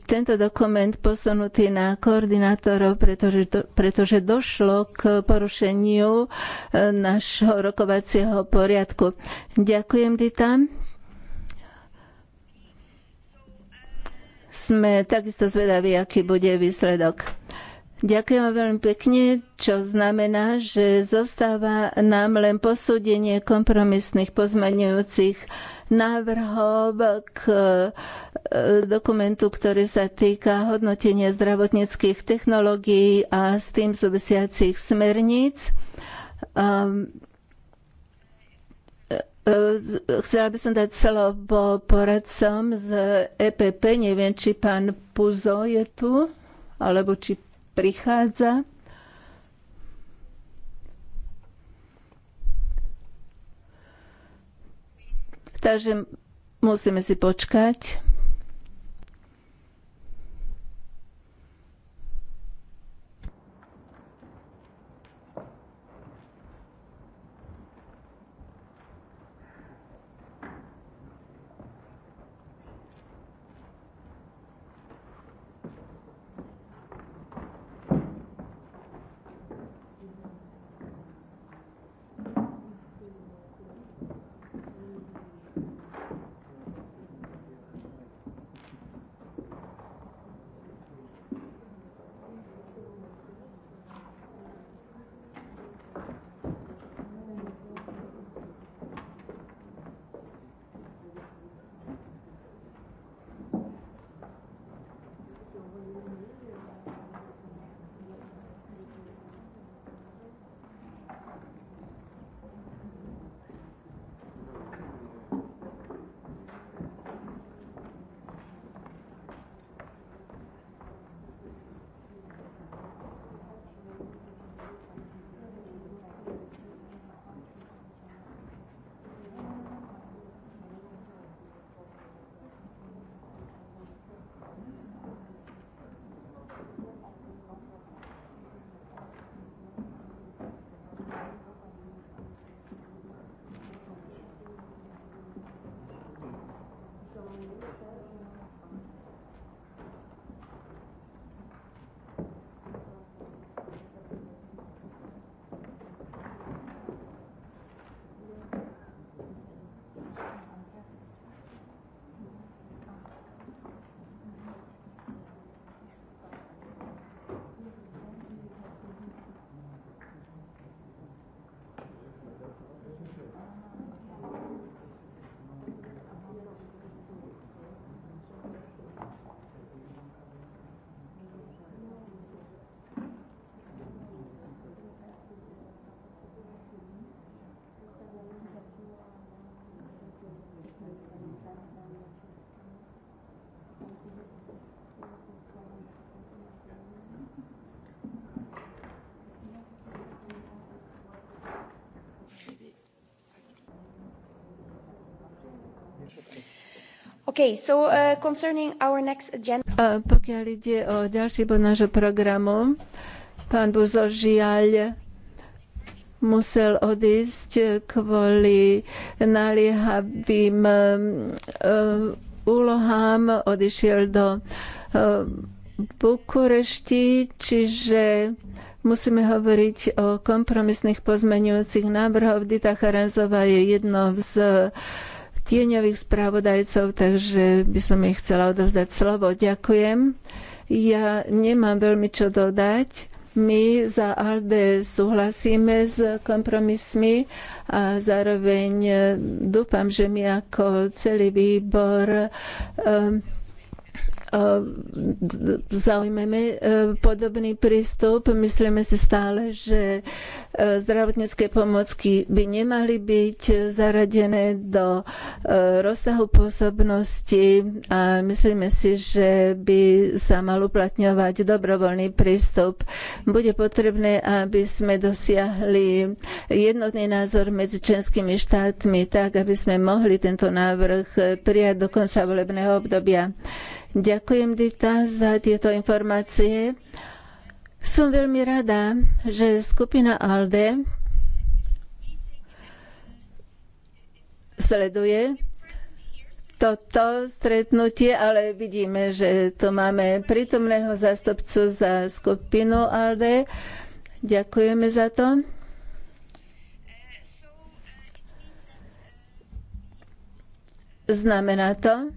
S2: tento dokument posunutý na koordinátorov, pretože, do, pretože došlo k porušeniu e, našho rokovacieho poriadku. Ďakujem, Dita. Sme takisto zvedaví, aký bude výsledok. Ďakujem veľmi pekne, čo znamená, že zostáva nám len posúdenie kompromisných pozmaňujúcich návrhov k e, dokumentu, ktorý sa týka hodnotenia zdravotníckých technológií a s tým súvisiacich smerníc. Ehm, e, e, chcela by som dať slovo poradcom z EPP. Neviem, či pán Puzo je tu, alebo či prichádza. Takže musíme si počkať. Okay, so, uh, concerning our next agenda... Uh, pokiaľ ide o ďalší bod nášho programu, pán Buzo žiaľ musel odísť kvôli naliehavým uh, úlohám, odišiel do eh, Bukurešti, čiže musíme hovoriť o kompromisných pozmeňujúcich návrhov. Dita Charanzová je jedno z uh, tieňových správodajcov, takže by som jej chcela odovzdať slovo. Ďakujem. Ja nemám veľmi čo dodať. My za ALDE súhlasíme s kompromismi a zároveň dúfam, že my ako celý výbor um, E, zaujmeme e, podobný prístup. Myslíme si stále, že e, zdravotnícke pomocky by nemali byť zaradené do rozsahu pôsobnosti a myslíme si, že by sa mal uplatňovať dobrovoľný prístup. Bude potrebné, aby sme dosiahli jednotný názor medzi členskými štátmi, tak aby sme mohli tento návrh prijať do konca volebného obdobia. Ďakujem, Dita, za tieto informácie. Som veľmi rada, že skupina ALDE sleduje toto stretnutie, ale vidíme, že tu máme prítomného zástupcu za skupinu ALDE. Ďakujeme za to. Znamená to,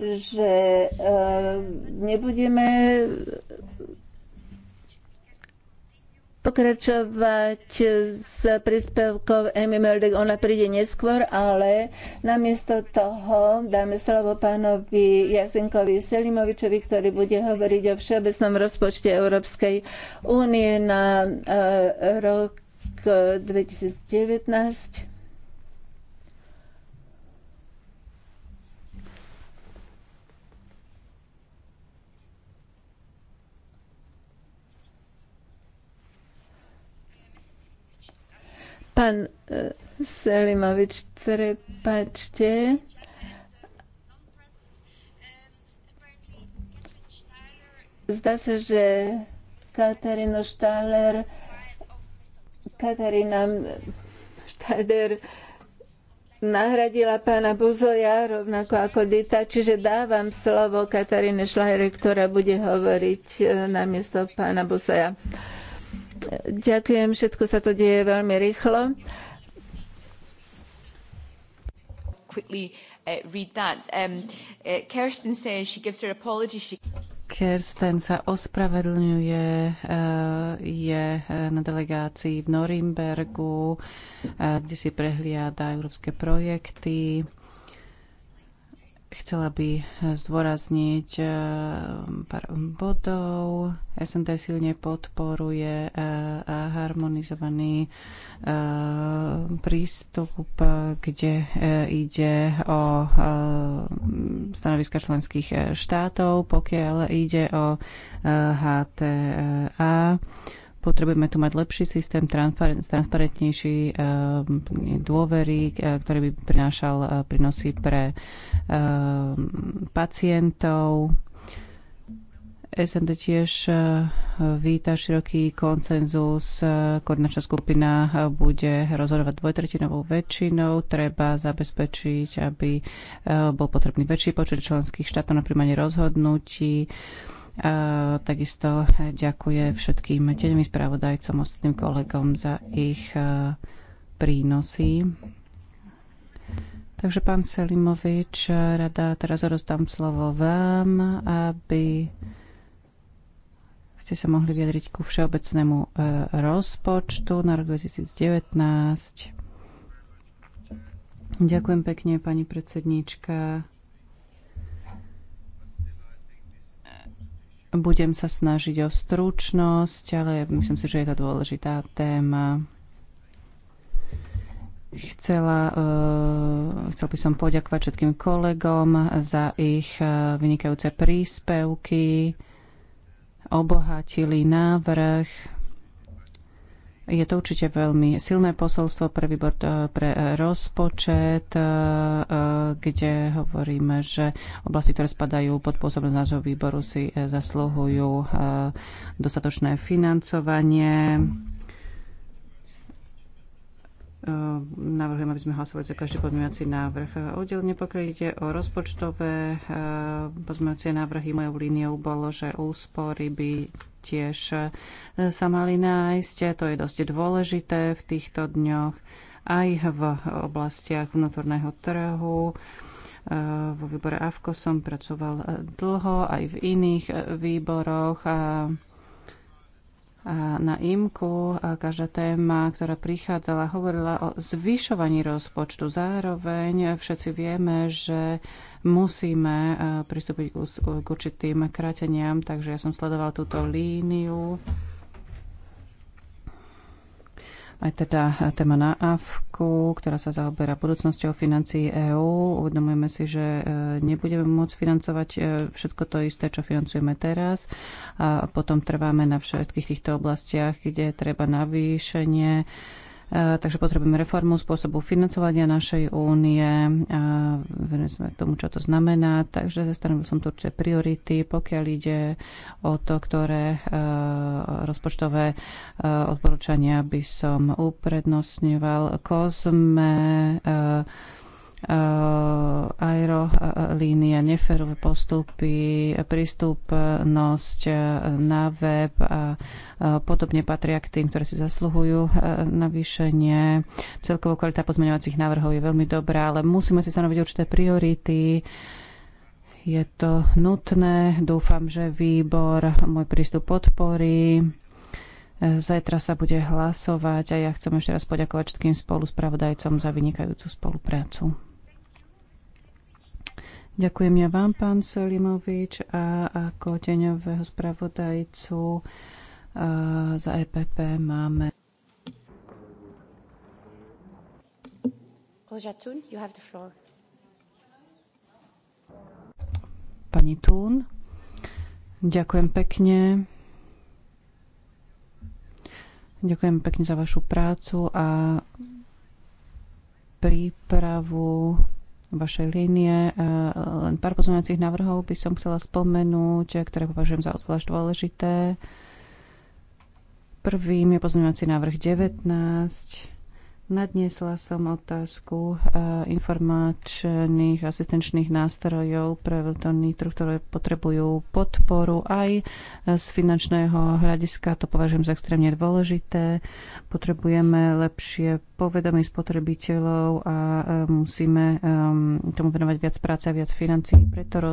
S2: že eh, nebudeme pokračovať s príspevkou Amy Meldek, ona príde neskôr, ale namiesto toho dáme slovo pánovi Jasenkovi Selimovičovi, ktorý bude hovoriť o všeobecnom rozpočte Európskej únie na eh, rok 2019. Eh, Pán e, Selimovič, prepačte. Zdá sa, že Katarína Štáler Katarína Štáler nahradila pána Buzoja, rovnako ako Dita, čiže dávam slovo Kataríne Šlahere, ktorá bude hovoriť e, namiesto pána Buzoja. Uh, Ďakujem, všetko sa to deje veľmi rýchlo. Uh, um, uh, Kirsten Kirsten
S3: sa ospravedlňuje, uh, je na delegácii v Norimbergu, kde si prehliada európske projekty Chcela by zdôrazniť eh, pár bodov. SND silne podporuje eh, harmonizovaný eh, prístup, kde ide o stanoviska členských štátov, pokiaľ ide o HTA Potrebujeme tu mať lepší systém, transparentnejší eh, dôvery, eh, ktorý by prinášal eh, prínosy pre pacientov. SND tiež víta široký koncenzus. Koordinačná skupina bude rozhodovať dvojtretinovou väčšinou. Treba zabezpečiť, aby bol potrebný väčší počet členských štátov na príjmanie rozhodnutí E, takisto ďakujem všetkým tieňovým spravodajcom, ostatným kolegom za ich e, prínosy. Takže pán Selimovič, rada teraz rozdám slovo vám, aby ste sa mohli vyjadriť ku všeobecnému e, rozpočtu na rok 2019. Ďakujem pekne, pani predsedníčka. Budem sa snažiť o stručnosť, ale myslím si, že je to dôležitá téma. Chcela, eh, chcel by som poďakovať všetkým kolegom za ich eh, vynikajúce príspevky. Obohatili návrh je to určite veľmi silné posolstvo pre výbor eh, pre eh, rozpočet, eh, kde hovoríme, že oblasti, ktoré spadajú pod pôsobnosť nášho výboru, si zasluhujú dostatočné financovanie. Navrhujem, aby sme hlasovali za každý podmiňovací návrh. Oddelne pokiaľ ide o rozpočtové pozmeňovacie návrhy, mojou líniou bolo, že úspory by tiež e, sa mali nájsť. To je dosť dôležité v týchto dňoch aj v oblastiach vnútorného trhu. E, vo výbore AFKO som pracoval e, dlho, aj v iných výboroch a na IMKU. Každá téma, ktorá prichádzala, hovorila o zvyšovaní rozpočtu. Zároveň všetci vieme, že musíme e, pristúpiť k určitým kráteniam, takže ja som sledoval túto líniu aj teda téma na AFKu, ktorá sa zaoberá budúcnosťou financií EÚ. Uvedomujeme si, že e, nebudeme môcť financovať e, všetko to isté, čo financujeme teraz. A potom trváme na všetkých týchto oblastiach, kde treba navýšenie Eh, takže potrebujeme reformu spôsobu financovania našej únie, eh, venujeme sme tomu, čo to znamená, takže zastanovil som tu určite priority, pokiaľ ide o to, ktoré eh, rozpočtové odporúčania by som uprednostňoval. Kozme, Eh, aerolínia, neferové postupy, prístupnosť eh, na web a eh, podobne patria k tým, ktoré si zasluhujú navýšenie. Celková kvalita pozmeňovacích návrhov je veľmi dobrá, ale musíme si stanoviť určité priority. Je to nutné. Dúfam, že výbor môj prístup podporí. Zajtra sa bude hlasovať a ja chcem ešte raz poďakovať všetkým spoluspravodajcom za vynikajúcu spoluprácu. Ďakujem ja vám, pán Selimovič, a ako deňového spravodajcu za EPP máme. Pani Tún, ďakujem pekne. Ďakujem pekne za vašu prácu a prípravu vašej línie. E, len pár pozmeňovacích návrhov by som chcela spomenúť, e, ktoré považujem za odvlášť dôležité. Prvým je pozmeňovací návrh 19 Nadniesla som otázku eh, informačných asistenčných nástrojov pre vnútorný trh, ktoré potrebujú podporu aj eh, z finančného hľadiska. To považujem za extrémne dôležité. Potrebujeme lepšie povedomie spotrebiteľov a eh, musíme ehm, tomu venovať viac práce a viac financií. Preto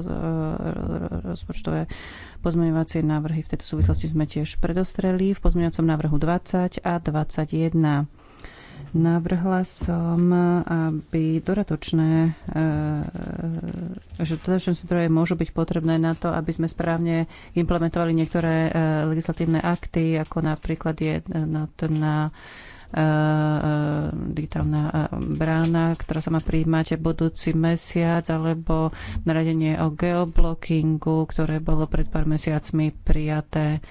S3: rozpočtové pozmeňovacie návrhy v tejto súvislosti sme tiež predostreli v pozmeňovacom návrhu 20 a 21 Navrhla som, aby dodatočné, e, e, že dodatočné zdroje môžu byť potrebné na to, aby sme správne implementovali niektoré e, legislatívne akty, ako napríklad je na digitálna brána, ktorá sa má príjmať budúci mesiac, alebo naradenie o geoblockingu, ktoré bolo pred pár mesiacmi prijaté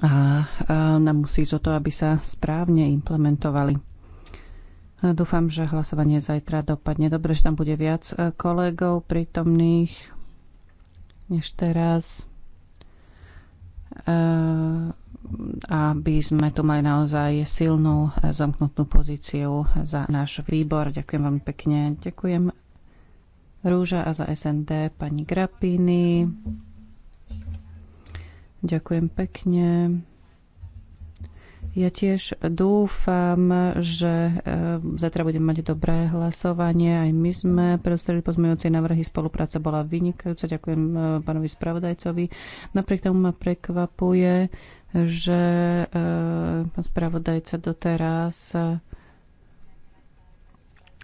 S3: a, nám musí ísť o to, aby sa správne implementovali. dúfam, že hlasovanie zajtra dopadne dobre, že tam bude viac e, kolegov prítomných než teraz. E, aby sme tu mali naozaj silnú e, zamknutú pozíciu za náš výbor. Ďakujem veľmi pekne. Ďakujem Rúža a za SND pani Grapiny. Ďakujem pekne. Ja tiež dúfam, že e, zajtra budeme mať dobré hlasovanie. Aj my sme predstavili pozmejúce návrhy. Spolupráca bola vynikajúca. Ďakujem e, pánovi spravodajcovi. Napriek tomu ma prekvapuje, že e, pán spravodajca doteraz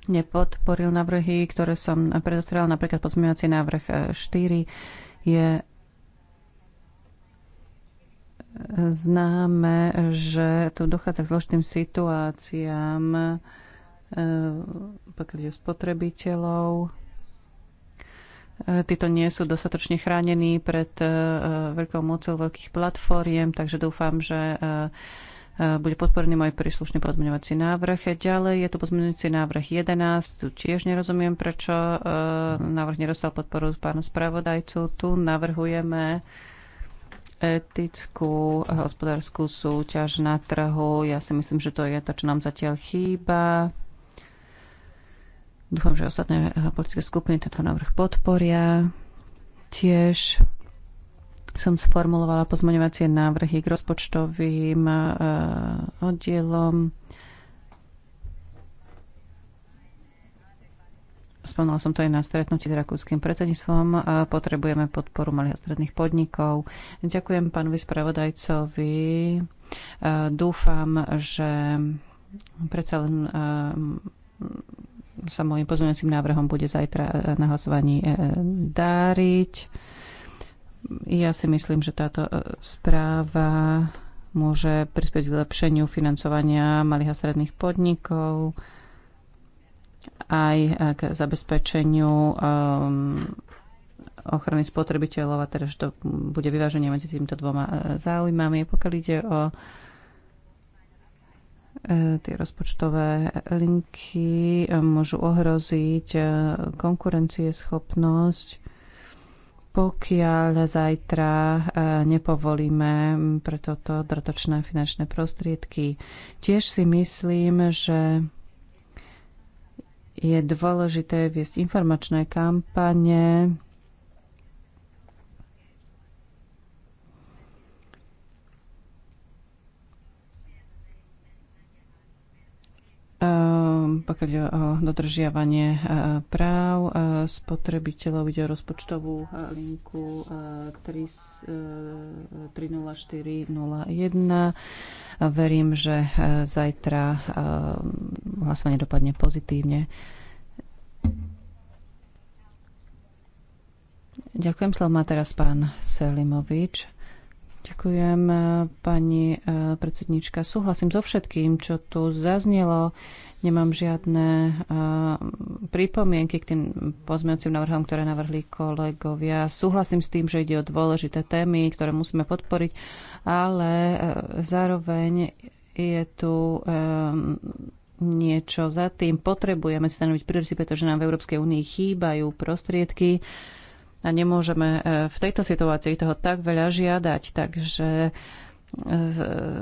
S3: nepodporil návrhy, ktoré som predostrela, napríklad pozmeňovací návrh 4 je známe, že tu dochádza k zložitým situáciám, e, pokiaľ ide spotrebiteľov. E, títo nie sú dostatočne chránení pred e, veľkou mocou veľkých platformiem, takže dúfam, že bude podporený môj príslušný podmenovací návrh. Ďalej je tu pozmeňujúci návrh 11. Tu tiež nerozumiem, prečo návrh nedostal podporu pána spravodajcu. Tu navrhujeme etickú hospodárskú súťaž na trhu. Ja si myslím, že to je to, čo nám zatiaľ chýba. Dúfam, že ostatné politické skupiny tento návrh podporia. Tiež som sformulovala pozmaňovacie návrhy k rozpočtovým eh, oddielom. Spomínala som to aj na stretnutí s rakúskym predsedníctvom. Potrebujeme podporu malých a stredných podnikov. Ďakujem pánovi spravodajcovi. Dúfam, že predsa len sa môjim pozorňujúcim návrhom bude zajtra na hlasovaní e, e, dáriť. Ja si myslím, že táto e, správa môže prispieť k zlepšeniu financovania malých a stredných podnikov aj e, k zabezpečeniu e, ochrany spotrebiteľov a teda, že to bude vyváženie medzi týmito dvoma e, záujmami. Pokiaľ ide o tie rozpočtové linky môžu ohroziť konkurencieschopnosť, pokiaľ zajtra nepovolíme pre toto dratočné finančné prostriedky. Tiež si myslím, že je dôležité viesť informačné kampane Ehm, pokiaľ ide o dodržiavanie e, práv e, spotrebiteľov, ide o rozpočtovú e, linku 30401. Verím, že zajtra ehm, hlasovanie dopadne pozitívne. Ďakujem, slovo má teraz pán Selimovič. Ďakujem, e, pani e, predsednička. Súhlasím so všetkým, čo tu zaznelo. Nemám žiadne e, pripomienky k tým pozmeňujúcim návrhom, ktoré navrhli kolegovia. Súhlasím s tým, že ide o dôležité témy, ktoré musíme podporiť, ale zároveň je tu niečo za tým. Potrebujeme stanoviť priority, pretože nám v Európskej únii chýbajú prostriedky a nemôžeme e, v tejto situácii toho tak veľa žiadať, takže e,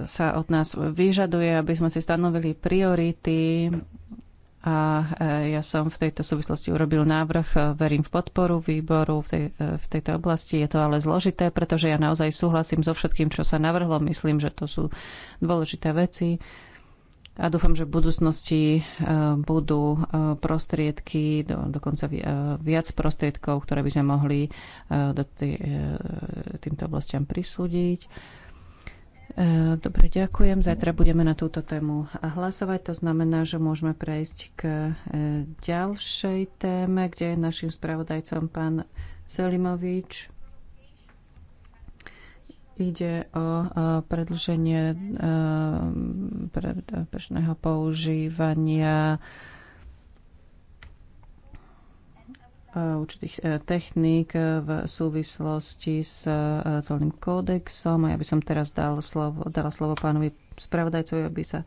S3: sa od nás vyžaduje, aby sme si stanovili priority a e, ja som v tejto súvislosti urobil návrh, verím v podporu výboru v, tej, v tejto oblasti. Je to ale zložité, pretože ja naozaj súhlasím so všetkým, čo sa navrhlo. Myslím, že to sú dôležité veci a dúfam, že v budúcnosti e, budú e, prostriedky, do, dokonca e, viac prostriedkov, ktoré by sme mohli do tý, týmto oblastiam prisúdiť. Dobre, ďakujem. Zajtra budeme na túto tému hlasovať. To znamená, že môžeme prejsť k ďalšej téme, kde je našim spravodajcom pán Selimovič. Ide o predlženie e, bežného používania e, určitých e, techník v súvislosti s celým kódexom. A ja by som teraz dal slovo, dala slovo pánovi spravodajcovi, aby sa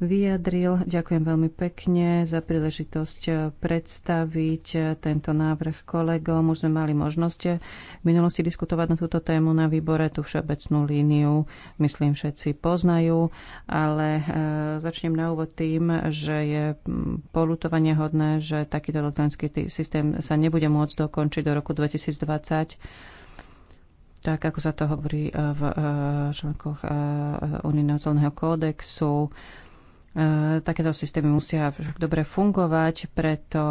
S3: vyjadril. Ďakujem veľmi pekne za príležitosť eh, predstaviť eh, tento návrh kolegom. Už sme mali možnosť eh, v minulosti diskutovať na túto tému na výbore. Tú všeobecnú líniu, myslím, všetci poznajú, ale začnem na úvod tým, že je mm, polutovanie hodné, že takýto elektronický systém sa nebude môcť dokončiť do roku 2020 tak ako sa to hovorí v článkoch Unijného celného kódexu. E, takéto systémy musia dobre fungovať, preto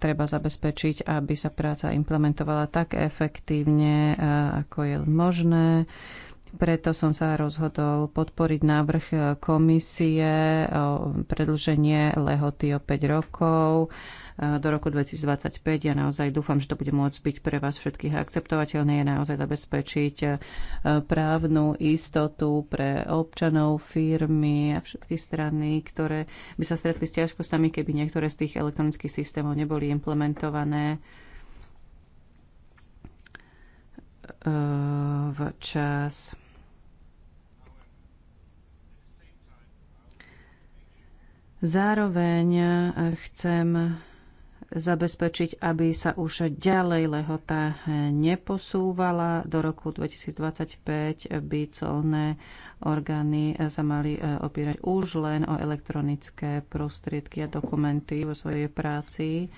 S3: treba zabezpečiť, aby sa práca implementovala tak efektívne, e, ako je možné. Preto som sa rozhodol podporiť návrh komisie o predlženie lehoty o 5 rokov e, do roku 2025. Ja naozaj dúfam, že to bude môcť byť pre vás všetkých akceptovateľné. Je naozaj zabezpečiť e, právnu istotu pre občanov, firmy a všetky strany, ktoré by sa stretli s ťažkostami, keby niektoré z tých elektronických systémov neboli implementované e, v čas. Zároveň e, chcem zabezpečiť, aby sa už ďalej lehota e, neposúvala. Do roku 2025 by colné orgány e, sa mali opírať už len o elektronické prostriedky a dokumenty vo svojej práci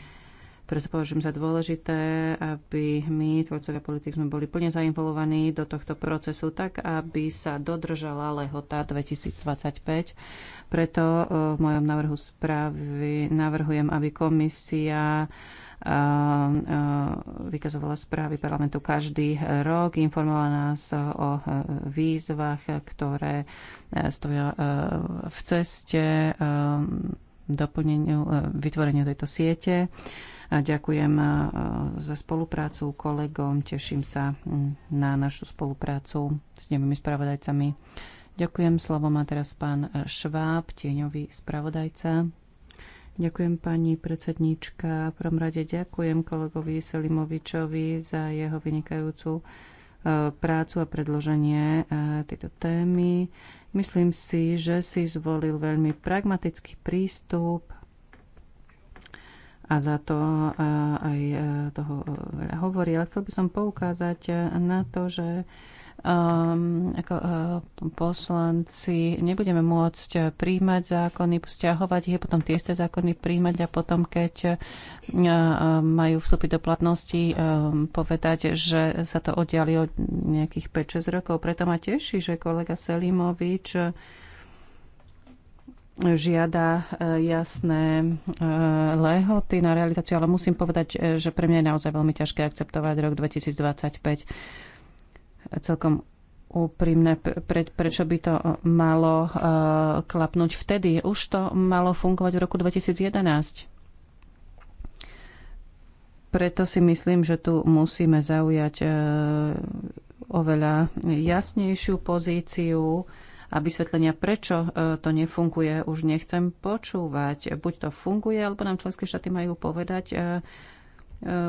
S3: preto považujem za dôležité, aby my, tvorcovia politik, sme boli plne zainvolovaní do tohto procesu tak, aby sa dodržala lehota 2025. Preto eh, v mojom návrhu správy navrhujem, aby komisia eh, eh, vykazovala správy parlamentu každý rok, informovala nás o výzvach, ktoré stoja v ceste doplneniu, vytvoreniu tejto siete ďakujem e, za spoluprácu kolegom, teším sa na našu spoluprácu s nevými spravodajcami. Ďakujem, slovo má teraz pán Šváb, tieňový spravodajca. Ďakujem pani predsedníčka. V prvom rade ďakujem kolegovi Selimovičovi za jeho vynikajúcu e, prácu a predloženie e, tejto témy. Myslím si, že si zvolil veľmi pragmatický prístup a za to aj e, toho e, hovorí. Ale chcel by som poukázať e, na to, že um, ako, uh, poslanci nebudeme môcť príjmať zákony, stiahovať ich, potom tie isté zákony príjmať a potom, keď uh, majú vstúpiť do platnosti, um, povedať, že sa to oddiali od nejakých 5-6 rokov. Preto ma teší, že kolega Selimovič uh, žiada e, jasné e, lehoty na realizáciu, ale musím povedať, e, že pre mňa je naozaj veľmi ťažké akceptovať rok 2025 celkom úprimné, pre, prečo by to malo klapnúť vtedy. Už to malo fungovať v roku 2011. Preto si myslím, že tu musíme zaujať oveľa jasnejšiu pozíciu a vysvetlenia, prečo e, to nefunguje, už nechcem počúvať. Buď to funguje, alebo nám členské štáty majú povedať, e, e,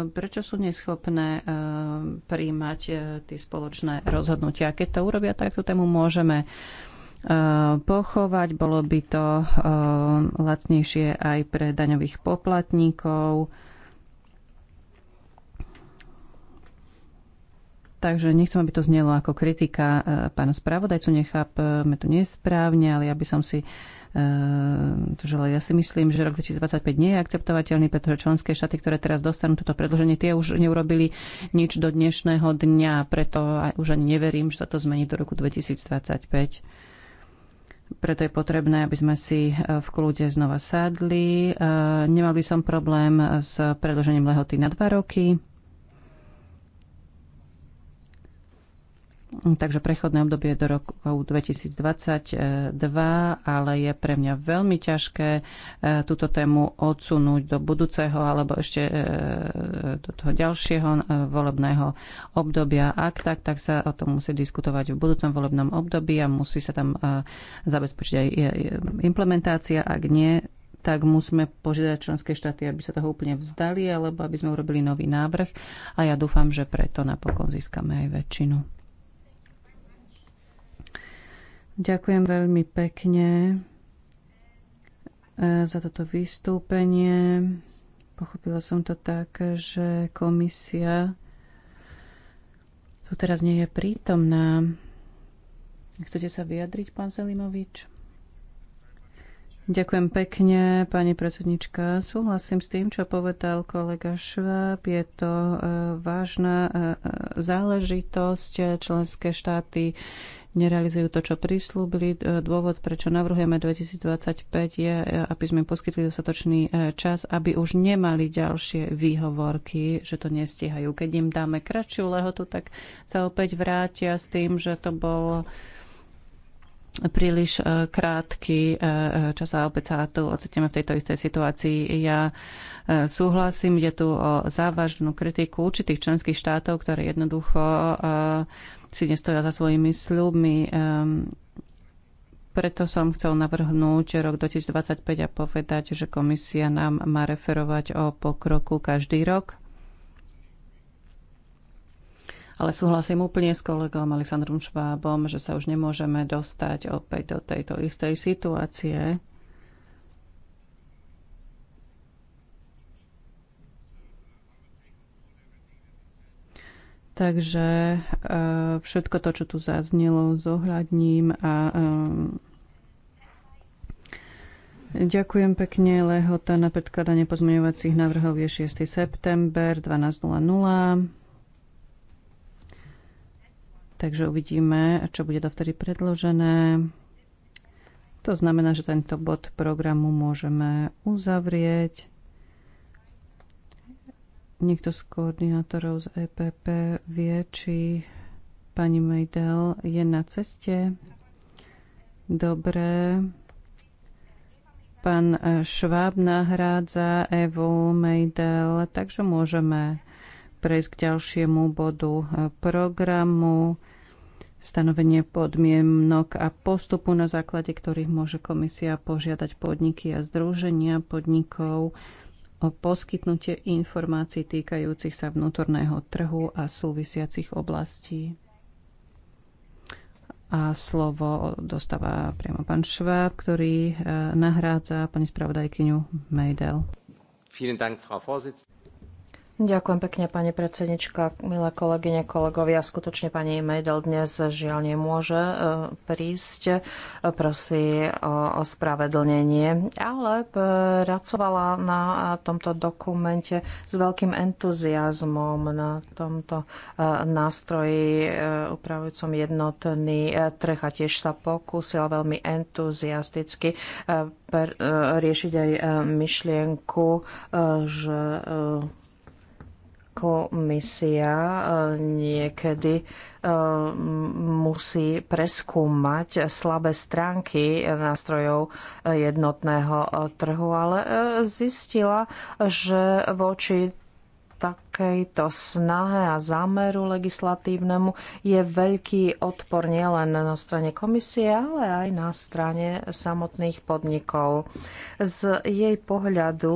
S3: prečo sú neschopné príjmať tie spoločné rozhodnutia. Keď to urobia, tak tú tému môžeme pochovať. Bolo by to lacnejšie aj pre daňových poplatníkov Takže nechcem, aby to znelo ako kritika e, pána spravodajcu, nechápme to nesprávne, ale ja by som si e, to Ja si myslím, že rok 2025 nie je akceptovateľný, pretože členské štáty, ktoré teraz dostanú toto predloženie, tie už neurobili nič do dnešného dňa, preto aj už ani neverím, že sa to zmení do roku 2025. Preto je potrebné, aby sme si e, v kľude znova sadli. Nemal by som problém s predložením lehoty na dva roky. Hm, takže prechodné obdobie do rokov 2022, ale je pre mňa veľmi ťažké e, túto tému odsunúť do budúceho alebo ešte e, do toho ďalšieho e, volebného obdobia. Ak tak, tak sa o tom musí diskutovať v budúcom volebnom období a musí sa tam zabezpečiť aj implementácia. Ak nie, tak musíme požiadať členské štáty, aby sa toho úplne vzdali alebo aby sme urobili nový návrh a ja dúfam, že preto napokon získame aj väčšinu. Ďakujem veľmi pekne e, za toto vystúpenie. Pochopila som to tak, že komisia tu teraz nie je prítomná. Chcete sa vyjadriť, pán Selimovič? Ďakujem pekne, pani predsednička. Súhlasím s tým, čo povedal kolega Šváb. Je to e, vážna e, záležitosť. Členské štáty nerealizujú to, čo prislúbili. E, dôvod, prečo navrhujeme 2025, je, e, aby sme im poskytli dostatočný e, čas, aby už nemali ďalšie výhovorky, že to nestihajú. Keď im dáme kratšiu lehotu, tak sa opäť vrátia s tým, že to bol príliš krátky čas a opäť sa tu ocitneme v tejto istej situácii. Ja súhlasím, ide tu o závažnú kritiku určitých členských štátov, ktoré jednoducho si nestoja za svojimi sľubmi. Ehm, preto som chcel navrhnúť rok 2025 a povedať, že komisia nám má referovať o pokroku každý rok. Ale súhlasím úplne s kolegom Alexandrom Švábom, že sa už nemôžeme dostať opäť do tejto istej situácie, Takže e, všetko to, čo tu zaznelo, zohľadním a e, Ďakujem pekne. Lehota na predkladanie pozmeňovacích návrhov je 6. september 12.00. Takže uvidíme, čo bude dovtedy predložené. To znamená, že tento bod programu môžeme uzavrieť niekto z koordinátorov z EPP vie, či pani Mejdel je na ceste. Dobre. Pán Šváb nahrádza Evu Mejdel, takže môžeme prejsť k ďalšiemu bodu programu stanovenie podmienok a postupu, na základe ktorých môže komisia požiadať podniky a združenia podnikov o poskytnutie informácií týkajúcich sa vnútorného trhu a súvisiacich oblastí. A slovo dostáva priamo pán
S1: Šváb, ktorý eh, nahrádza pani spravodajkyňu Mejdel. Ďakujem pekne, pani predsednička, milé kolegyne, kolegovia. Skutočne pani Mejdel dnes žiaľ nemôže e, prísť. Prosí o spravedlnenie, ale e, pracovala na tomto dokumente s veľkým entuziasmom na tomto e, nástroji upravujúcom jednotný trh a tiež sa pokúsil veľmi entuziasticky riešiť aj myšlienku, že komisia e, niekedy e, musí preskúmať slabé stránky nástrojov jednotného trhu, ale e, zistila, že voči takejto snahe a zámeru legislatívnemu je veľký odpor nielen na strane komisie, ale aj na strane samotných podnikov. Z jej pohľadu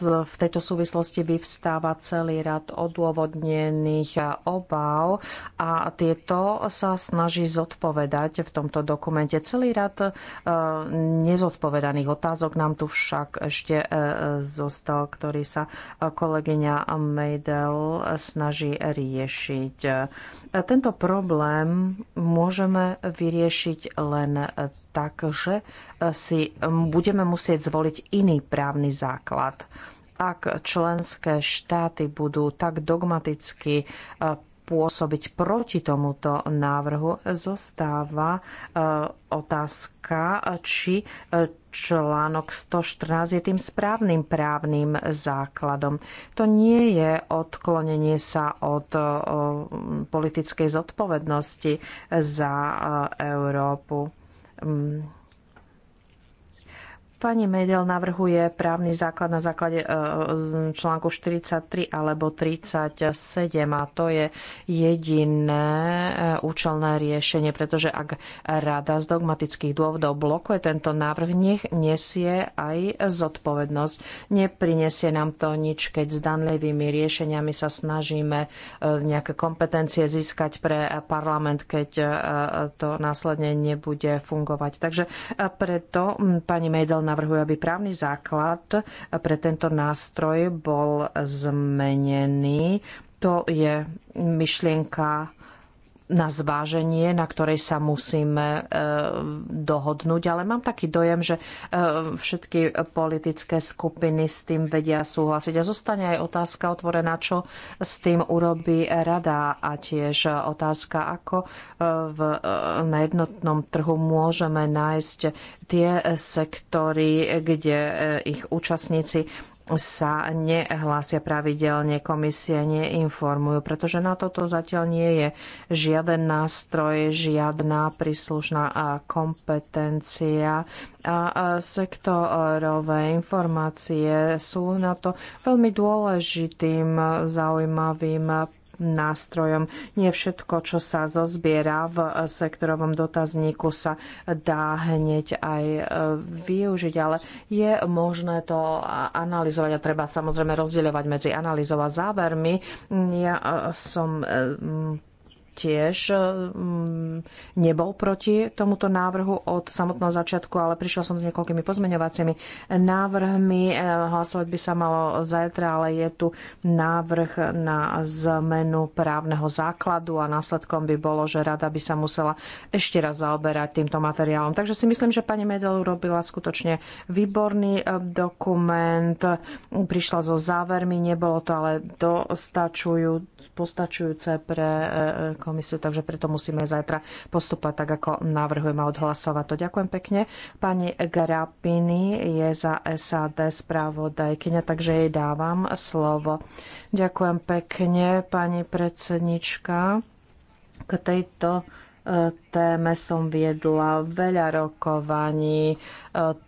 S1: v tejto súvislosti vyvstáva celý rad odôvodnených obav a tieto sa snaží zodpovedať v tomto dokumente. Celý rad e, nezodpovedaných otázok nám tu však ešte e, zostal, ktorý sa e, kolegyňa Meidel snaží riešiť. Tento problém môžeme vyriešiť len tak, že si budeme musieť zvoliť iný právny zákon základ. Ak členské štáty budú tak dogmaticky e, pôsobiť proti tomuto návrhu, zostáva e, otázka, či e, článok 114 je tým správnym právnym základom. To nie je odklonenie sa od politickej zodpovednosti za Európu mm. Pani Medel navrhuje právny základ na základe e, článku 43 alebo 37 a to je jediné e, účelné riešenie, pretože ak rada z dogmatických dôvodov blokuje tento návrh, nech nesie aj zodpovednosť. Neprinesie nám to nič, keď zdanlivými riešeniami sa snažíme e, nejaké kompetencie získať pre parlament, keď to následne nebude fungovať. Takže preto pani Medel navrhuje, aby právny základ pre tento nástroj bol zmenený. To je myšlienka na zváženie, na ktorej sa musíme e, dohodnúť, ale mám taký dojem, že e, všetky politické skupiny s tým vedia súhlasiť. A zostane aj otázka otvorená, čo s tým urobí rada a tiež otázka, ako e, v, na jednotnom trhu môžeme nájsť tie sektory, kde ich účastníci sa nehlásia pravidelne, komisie neinformujú, pretože na toto zatiaľ nie je žiaden nástroj, žiadna príslušná kompetencia a sektorové informácie sú na to veľmi dôležitým, zaujímavým nástrojom. Nie všetko, čo sa zozbiera v sektorovom dotazníku, sa dá hneď aj e, využiť, ale je možné to analyzovať a treba samozrejme rozdeľovať medzi analýzou a závermi. Ja e, som e, tiež eh, mm, nebol proti tomuto návrhu od samotného začiatku, ale prišiel som s niekoľkými pozmeňovacími návrhmi. Eh, hlasovať by sa malo zajtra, ale je tu návrh na zmenu právneho základu a následkom by bolo, že rada by sa musela ešte raz zaoberať týmto materiálom. Takže si myslím, že pani Medel urobila skutočne výborný eh, dokument, prišla so závermi, nebolo to ale dostačujúce, postačujúce pre komisiu, takže preto musíme zajtra postupovať tak, ako navrhujeme odhlasovať to. Ďakujem pekne. Pani Grapini je za SAD správodajkyňa, takže jej dávam slovo. Ďakujem pekne, pani predsednička. K tejto e, téme som viedla veľa rokovaní e,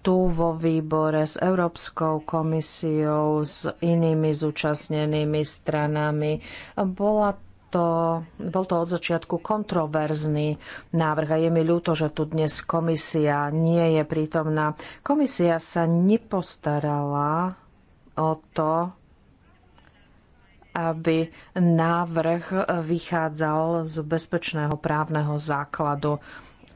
S1: tu vo výbore s Európskou komisiou, s inými zúčastnenými stranami. Bola to, bol to od začiatku kontroverzný návrh a je mi ľúto, že tu dnes komisia nie je prítomná. Komisia sa nepostarala o to, aby návrh vychádzal z bezpečného právneho základu.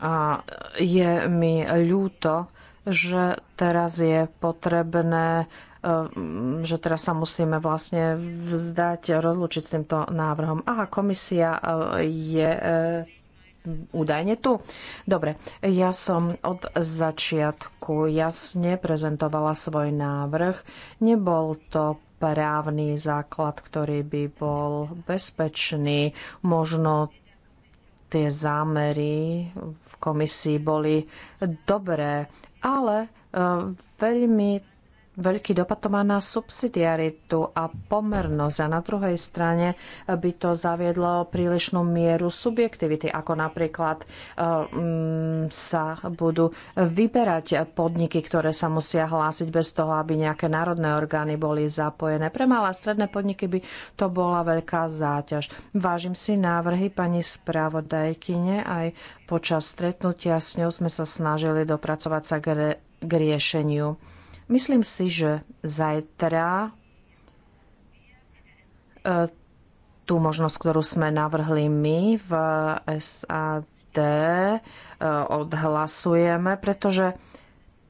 S1: A je mi ľúto, že teraz je potrebné Ehm, že teraz sa musíme vlastne vzdať, rozlučiť s týmto návrhom. Aha, komisia eh, je eh, údajne tu. Dobre, ja som od začiatku jasne prezentovala svoj návrh. Nebol to právny základ, ktorý by bol bezpečný. Možno tie zámery v komisii boli dobré, ale eh, veľmi veľký dopad to má na subsidiaritu a pomernosť. A na druhej strane by to zaviedlo prílišnú mieru subjektivity, ako napríklad um, sa budú vyberať podniky, ktoré sa musia hlásiť bez toho, aby nejaké národné orgány boli zapojené. Pre malé a stredné podniky by to bola veľká záťaž. Vážim si návrhy pani spravodajkyne. Aj počas stretnutia s ňou sme sa snažili dopracovať sa k, k riešeniu. Myslím si, že zajtra e, tú možnosť, ktorú sme navrhli my v SAD, e, odhlasujeme, pretože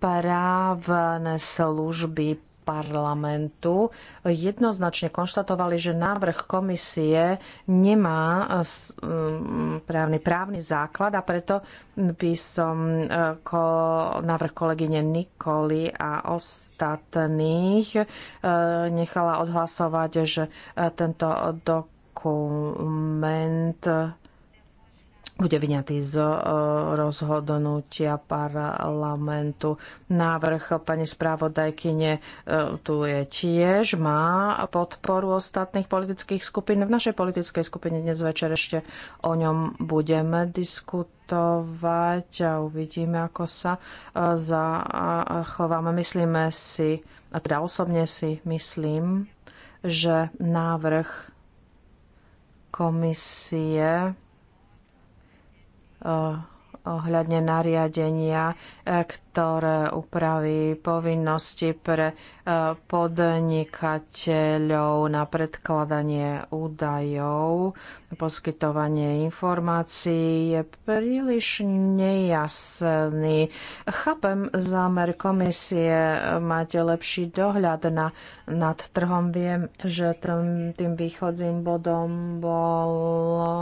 S1: právne služby parlamentu jednoznačne konštatovali, že návrh komisie nemá um, právny, právny základ a preto by som e, návrh kolegyne Nikoli a ostatných e, nechala odhlasovať, že e, tento dokument bude vyňatý z e, rozhodnutia parlamentu. Návrh pani správodajkyne e, tu je tiež, má podporu ostatných politických skupín. V našej politickej skupine dnes večer ešte o ňom budeme diskutovať diskutovať a uvidíme, ako sa e, zachováme. Myslíme si, a teda osobne si myslím, že návrh komisie Eh, ohľadne nariadenia, eh, ktoré upraví povinnosti pre e, podnikateľov na predkladanie údajov, poskytovanie informácií je príliš nejasný. Chápem zámer komisie mať lepší dohľad na, nad trhom. Viem, že tým, tým východným bodom bol e,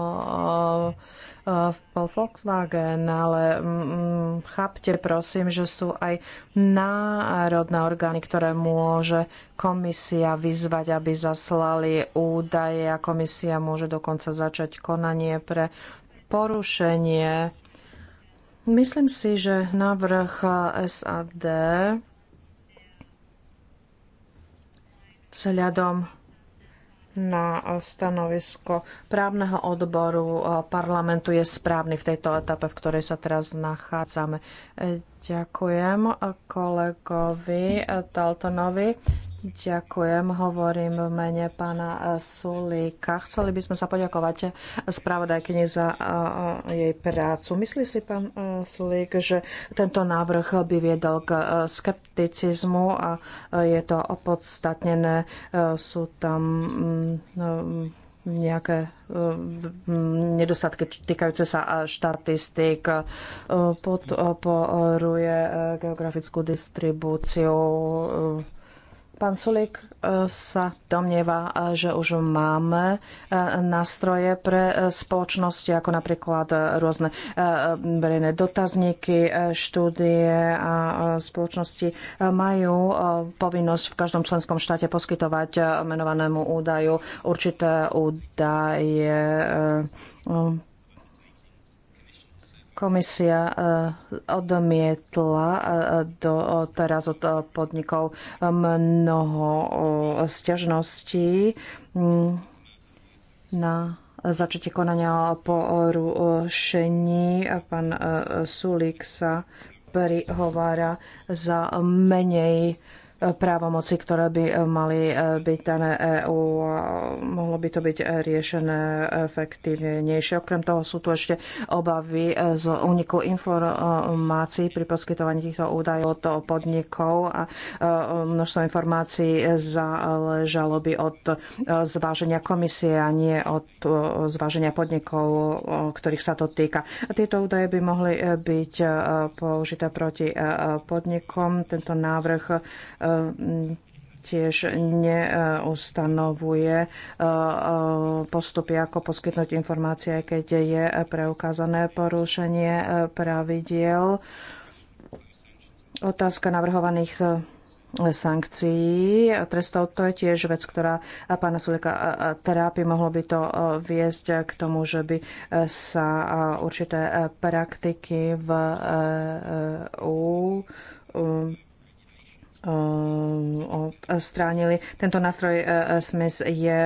S1: e, bol Volkswagen, ale mm, chápte prosím, že že sú aj národné orgány, ktoré môže komisia vyzvať, aby zaslali údaje a komisia môže dokonca začať konanie pre porušenie. Myslím si, že návrh SAD vzhľadom na stanovisko právneho odboru parlamentu je správny v tejto etape, v ktorej sa teraz nachádzame. Ďakujem kolegovi Daltonovi. Ďakujem, hovorím v mene pána Sulíka. Chceli by sme sa poďakovať spravodajkyni za jej prácu. Myslí si pán Sulík, že tento návrh by viedol k skepticizmu a je to opodstatnené. Sú tam nejaké e, nedostatky týkajúce sa e, štatistik, e, podporuje geografickú distribúciu Pán Sulík e, sa domnieva, e, že už máme e, nástroje pre spoločnosti, ako napríklad rôzne verejné dotazníky, štúdie a spoločnosti majú povinnosť v každom členskom štáte poskytovať menovanému údaju určité údaje Komisia e, odmietla e, do, teraz od e, podnikov mnoho sťažností mm, na začatie konania o porušení. Pán Sulík sa prihovára za menej právomoci, ktoré by eh, mali eh, byť dané EÚ. Mohlo by to byť eh, riešené efektívnejšie. Okrem toho sú tu ešte obavy z úniku informácií pri poskytovaní týchto údajov od podnikov a množstvo informácií záležalo by od zváženia komisie a nie od zváženia podnikov, ktorých sa to týka. Tieto údaje by mohli byť použité proti podnikom. Tento návrh E, tiež neustanovuje e, e, postupy, ako poskytnúť informácie, aj keď je preukázané porušenie pravidiel. Otázka navrhovaných sankcií trestov. To je tiež vec, ktorá pána Sulika trápi. Mohlo by to viesť k tomu, že by sa určité praktiky v EU Eh, odstránili. Tento nástroj SMIS eh, eh, je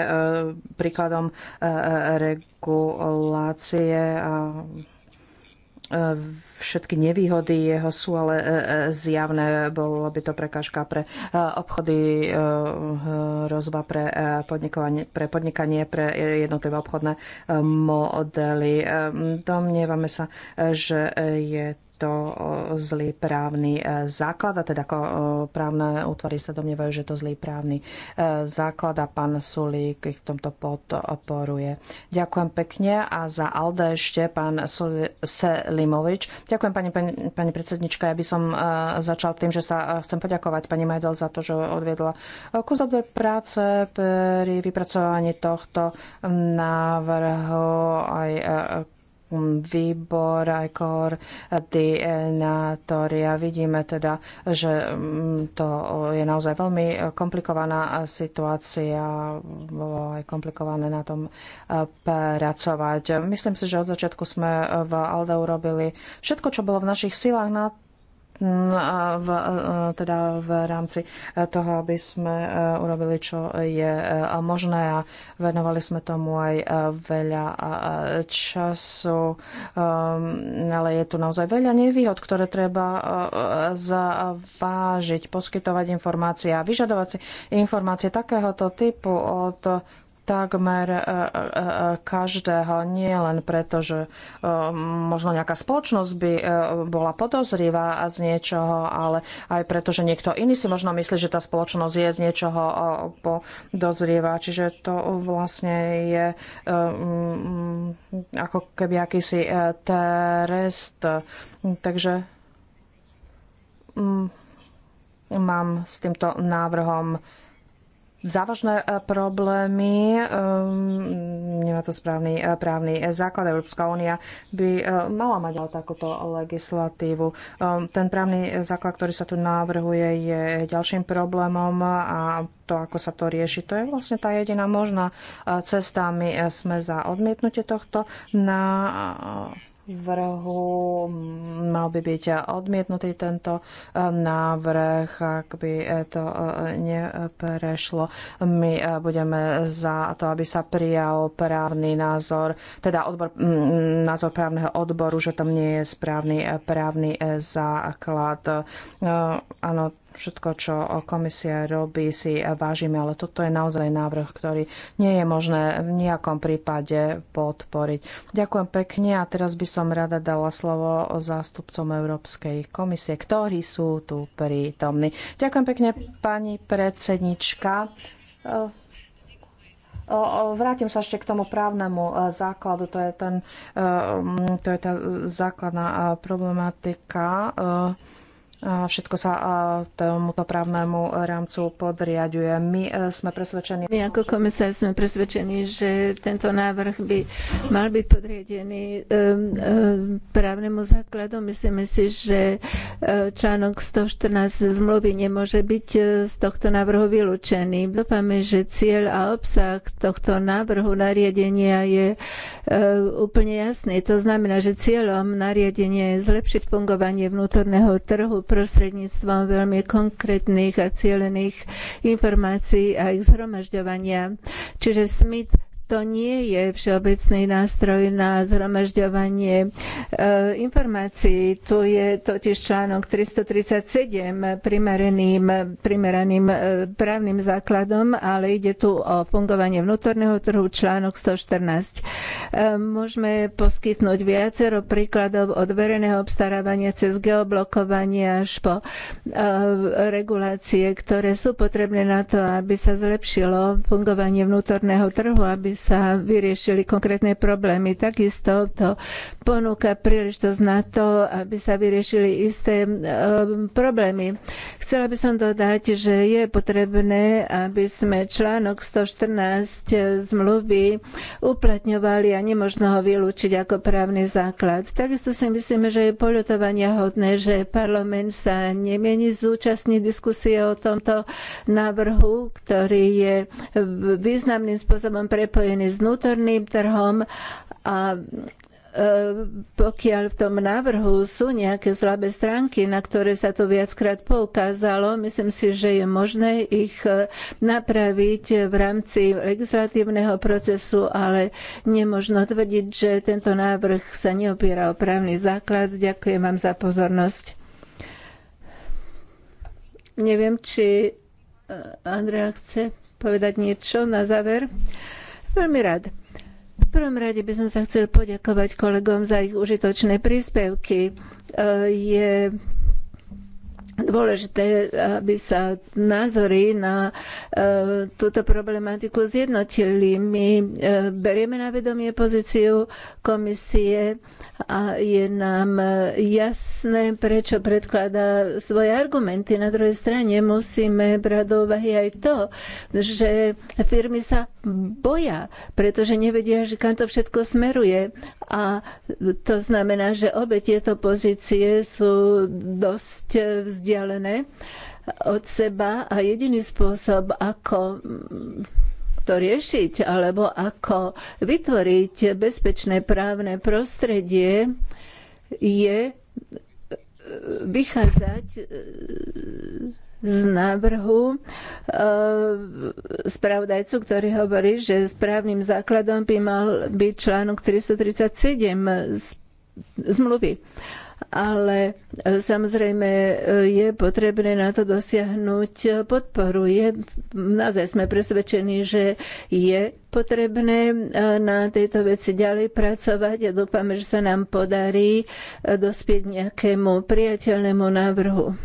S1: príkladom regulácie a všetky nevýhody jeho sú ale zjavné. Bolo by to prekážka pre obchody, rozba pre, pre podnikanie, pre jednotlivé obchodné modely. Domnievame sa, že je to e, zlý právny e, základ, a teda e, právne útvary sa domnievajú, že to zlý právny základ a pán Sulík ich v tomto podporuje. Ďakujem pekne a za Alde ešte pán Selimovič. Ďakujem pani, pani, pani predsednička, ja by som začal tým, že sa chcem poďakovať pani Majdel za to, že odviedla kus dobrej práce pri vypracovaní tohto návrhu aj výbor, aj koordinátori. A vidíme teda, že mm, to je naozaj veľmi komplikovaná situácia. Bolo aj komplikované na tom e, pracovať. Myslím si, že od začiatku sme v Aldeu robili všetko, čo bolo v našich silách na v, e, e, teda v rámci e, toho, aby sme urobili, čo je možné a venovali sme tomu aj veľa času, ehm, ale je tu naozaj veľa nevýhod, ktoré treba zavážiť, poskytovať informácie a vyžadovať si informácie takéhoto typu od takmer e, e, e, každého, nie len preto, že možno nejaká spoločnosť by bola podozrivá z niečoho, ale aj preto, že niekto iný si možno myslí, že tá spoločnosť je z niečoho podozrivá. Čiže to vlastne je mm, ako keby akýsi trest. Takže mm, mám s týmto návrhom závažné e, problémy, e, nemá to správny e, právny základ. Európska únia by mala mať ale takúto legislatívu. Ten právny základ, ktorý sa tu navrhuje, je ďalším problémom a to, ako sa to rieši, to je vlastne tá jediná možná cesta. My sme za odmietnutie tohto na návrhu mal by byť odmietnutý tento eh, návrh, ak by eh, to eh, neprešlo. My budeme za to, aby sa prijal právny názor, teda odbor, mm, názor právneho odboru, že tam nie je správny právny základ. Áno, všetko, čo komisia robí, si vážime, ale toto je naozaj návrh, ktorý nie je možné v nejakom prípade podporiť. Ďakujem pekne a teraz by som rada dala slovo zástupcom Európskej komisie, ktorí sú tu prítomní. Ďakujem pekne, pani predsednička. Vrátim sa ešte k tomu právnemu e, základu. To je, ten, e, to je tá základná e, problematika Všetko sa tomuto právnemu rámcu podriaduje. My e, sme presvedčení...
S2: My ako komisár sme presvedčení, že tento návrh by mal byť podriadený e, e, právnemu základu. Myslíme si, že článok 114 zmluvy nemôže byť z tohto návrhu vylúčený. Dúfame, že cieľ a obsah tohto návrhu nariadenia je úplne jasný. To znamená, že cieľom nariadenia je zlepšiť fungovanie vnútorného trhu prostredníctvom veľmi konkrétnych a cielených informácií a ich zhromažďovania. Čiže Smith to nie je všeobecný nástroj na zhromažďovanie e, informácií. Tu je totiž článok 337 primeraným, primeraným e, právnym základom, ale ide tu o fungovanie vnútorného trhu, článok 114. E, môžeme poskytnúť viacero príkladov od verejného obstarávania cez geoblokovanie až po e, regulácie, ktoré sú potrebné na to, aby sa zlepšilo fungovanie vnútorného trhu, aby sa vyriešili konkrétne problémy. Takisto to ponúka príležitosť na to, aby sa vyriešili isté e, problémy. Chcela by som dodať, že je potrebné, aby sme článok 114 zmluvy uplatňovali a nemožno ho vylúčiť ako právny základ. Takisto si myslíme, že je poľutovania hodné, že parlament sa nemieni zúčastniť diskusie o tomto návrhu, ktorý je významným spôsobom prepojený spojený s vnútorným trhom a e, pokiaľ v tom návrhu sú nejaké slabé stránky, na ktoré sa to viackrát poukázalo, myslím si, že je možné ich e, napraviť v rámci legislatívneho procesu, ale nemožno tvrdiť, že tento návrh sa neopiera o právny základ. Ďakujem vám za pozornosť. Neviem, či e, Andrea chce povedať niečo na záver. Uh, Veľmi rád. V prvom rade by som sa chcel poďakovať kolegom za ich užitočné príspevky. E, je dôležité, aby sa názory na e, túto problematiku zjednotili. My e, berieme na vedomie pozíciu komisie a je nám jasné, prečo predkladá svoje argumenty. Na druhej strane musíme brať do úvahy aj to, že firmy sa boja, pretože nevedia, že kam to všetko smeruje. A to znamená, že obe tieto pozície sú dosť vzdialené od seba a jediný spôsob, ako to riešiť, alebo ako vytvoriť bezpečné právne prostredie, je e, vychádzať e, z návrhu e, spravodajcu, ktorý hovorí, že správnym základom by mal byť článok 337 zmluvy ale e, samozrejme e, je potrebné na to dosiahnuť podporu. Je, naozaj sme presvedčení, že je potrebné e, na tejto veci ďalej pracovať a ja dúfame, že sa nám podarí dospieť nejakému priateľnému návrhu.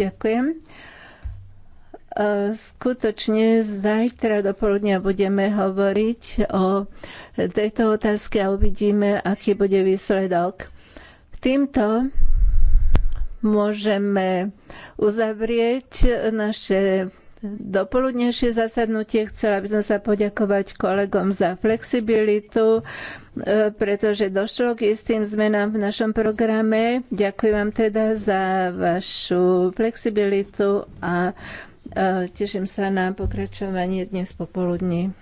S2: Ďakujem. Skutočne zajtra do poludnia budeme hovoriť o tejto otázke a uvidíme, aký bude výsledok. Týmto môžeme uzavrieť naše dopoludnejšie zasadnutie. Chcela by som sa poďakovať kolegom za flexibilitu, e, pretože došlo k istým zmenám v našom programe. Ďakujem vám teda za vašu flexibilitu a e, teším sa na pokračovanie dnes popoludní.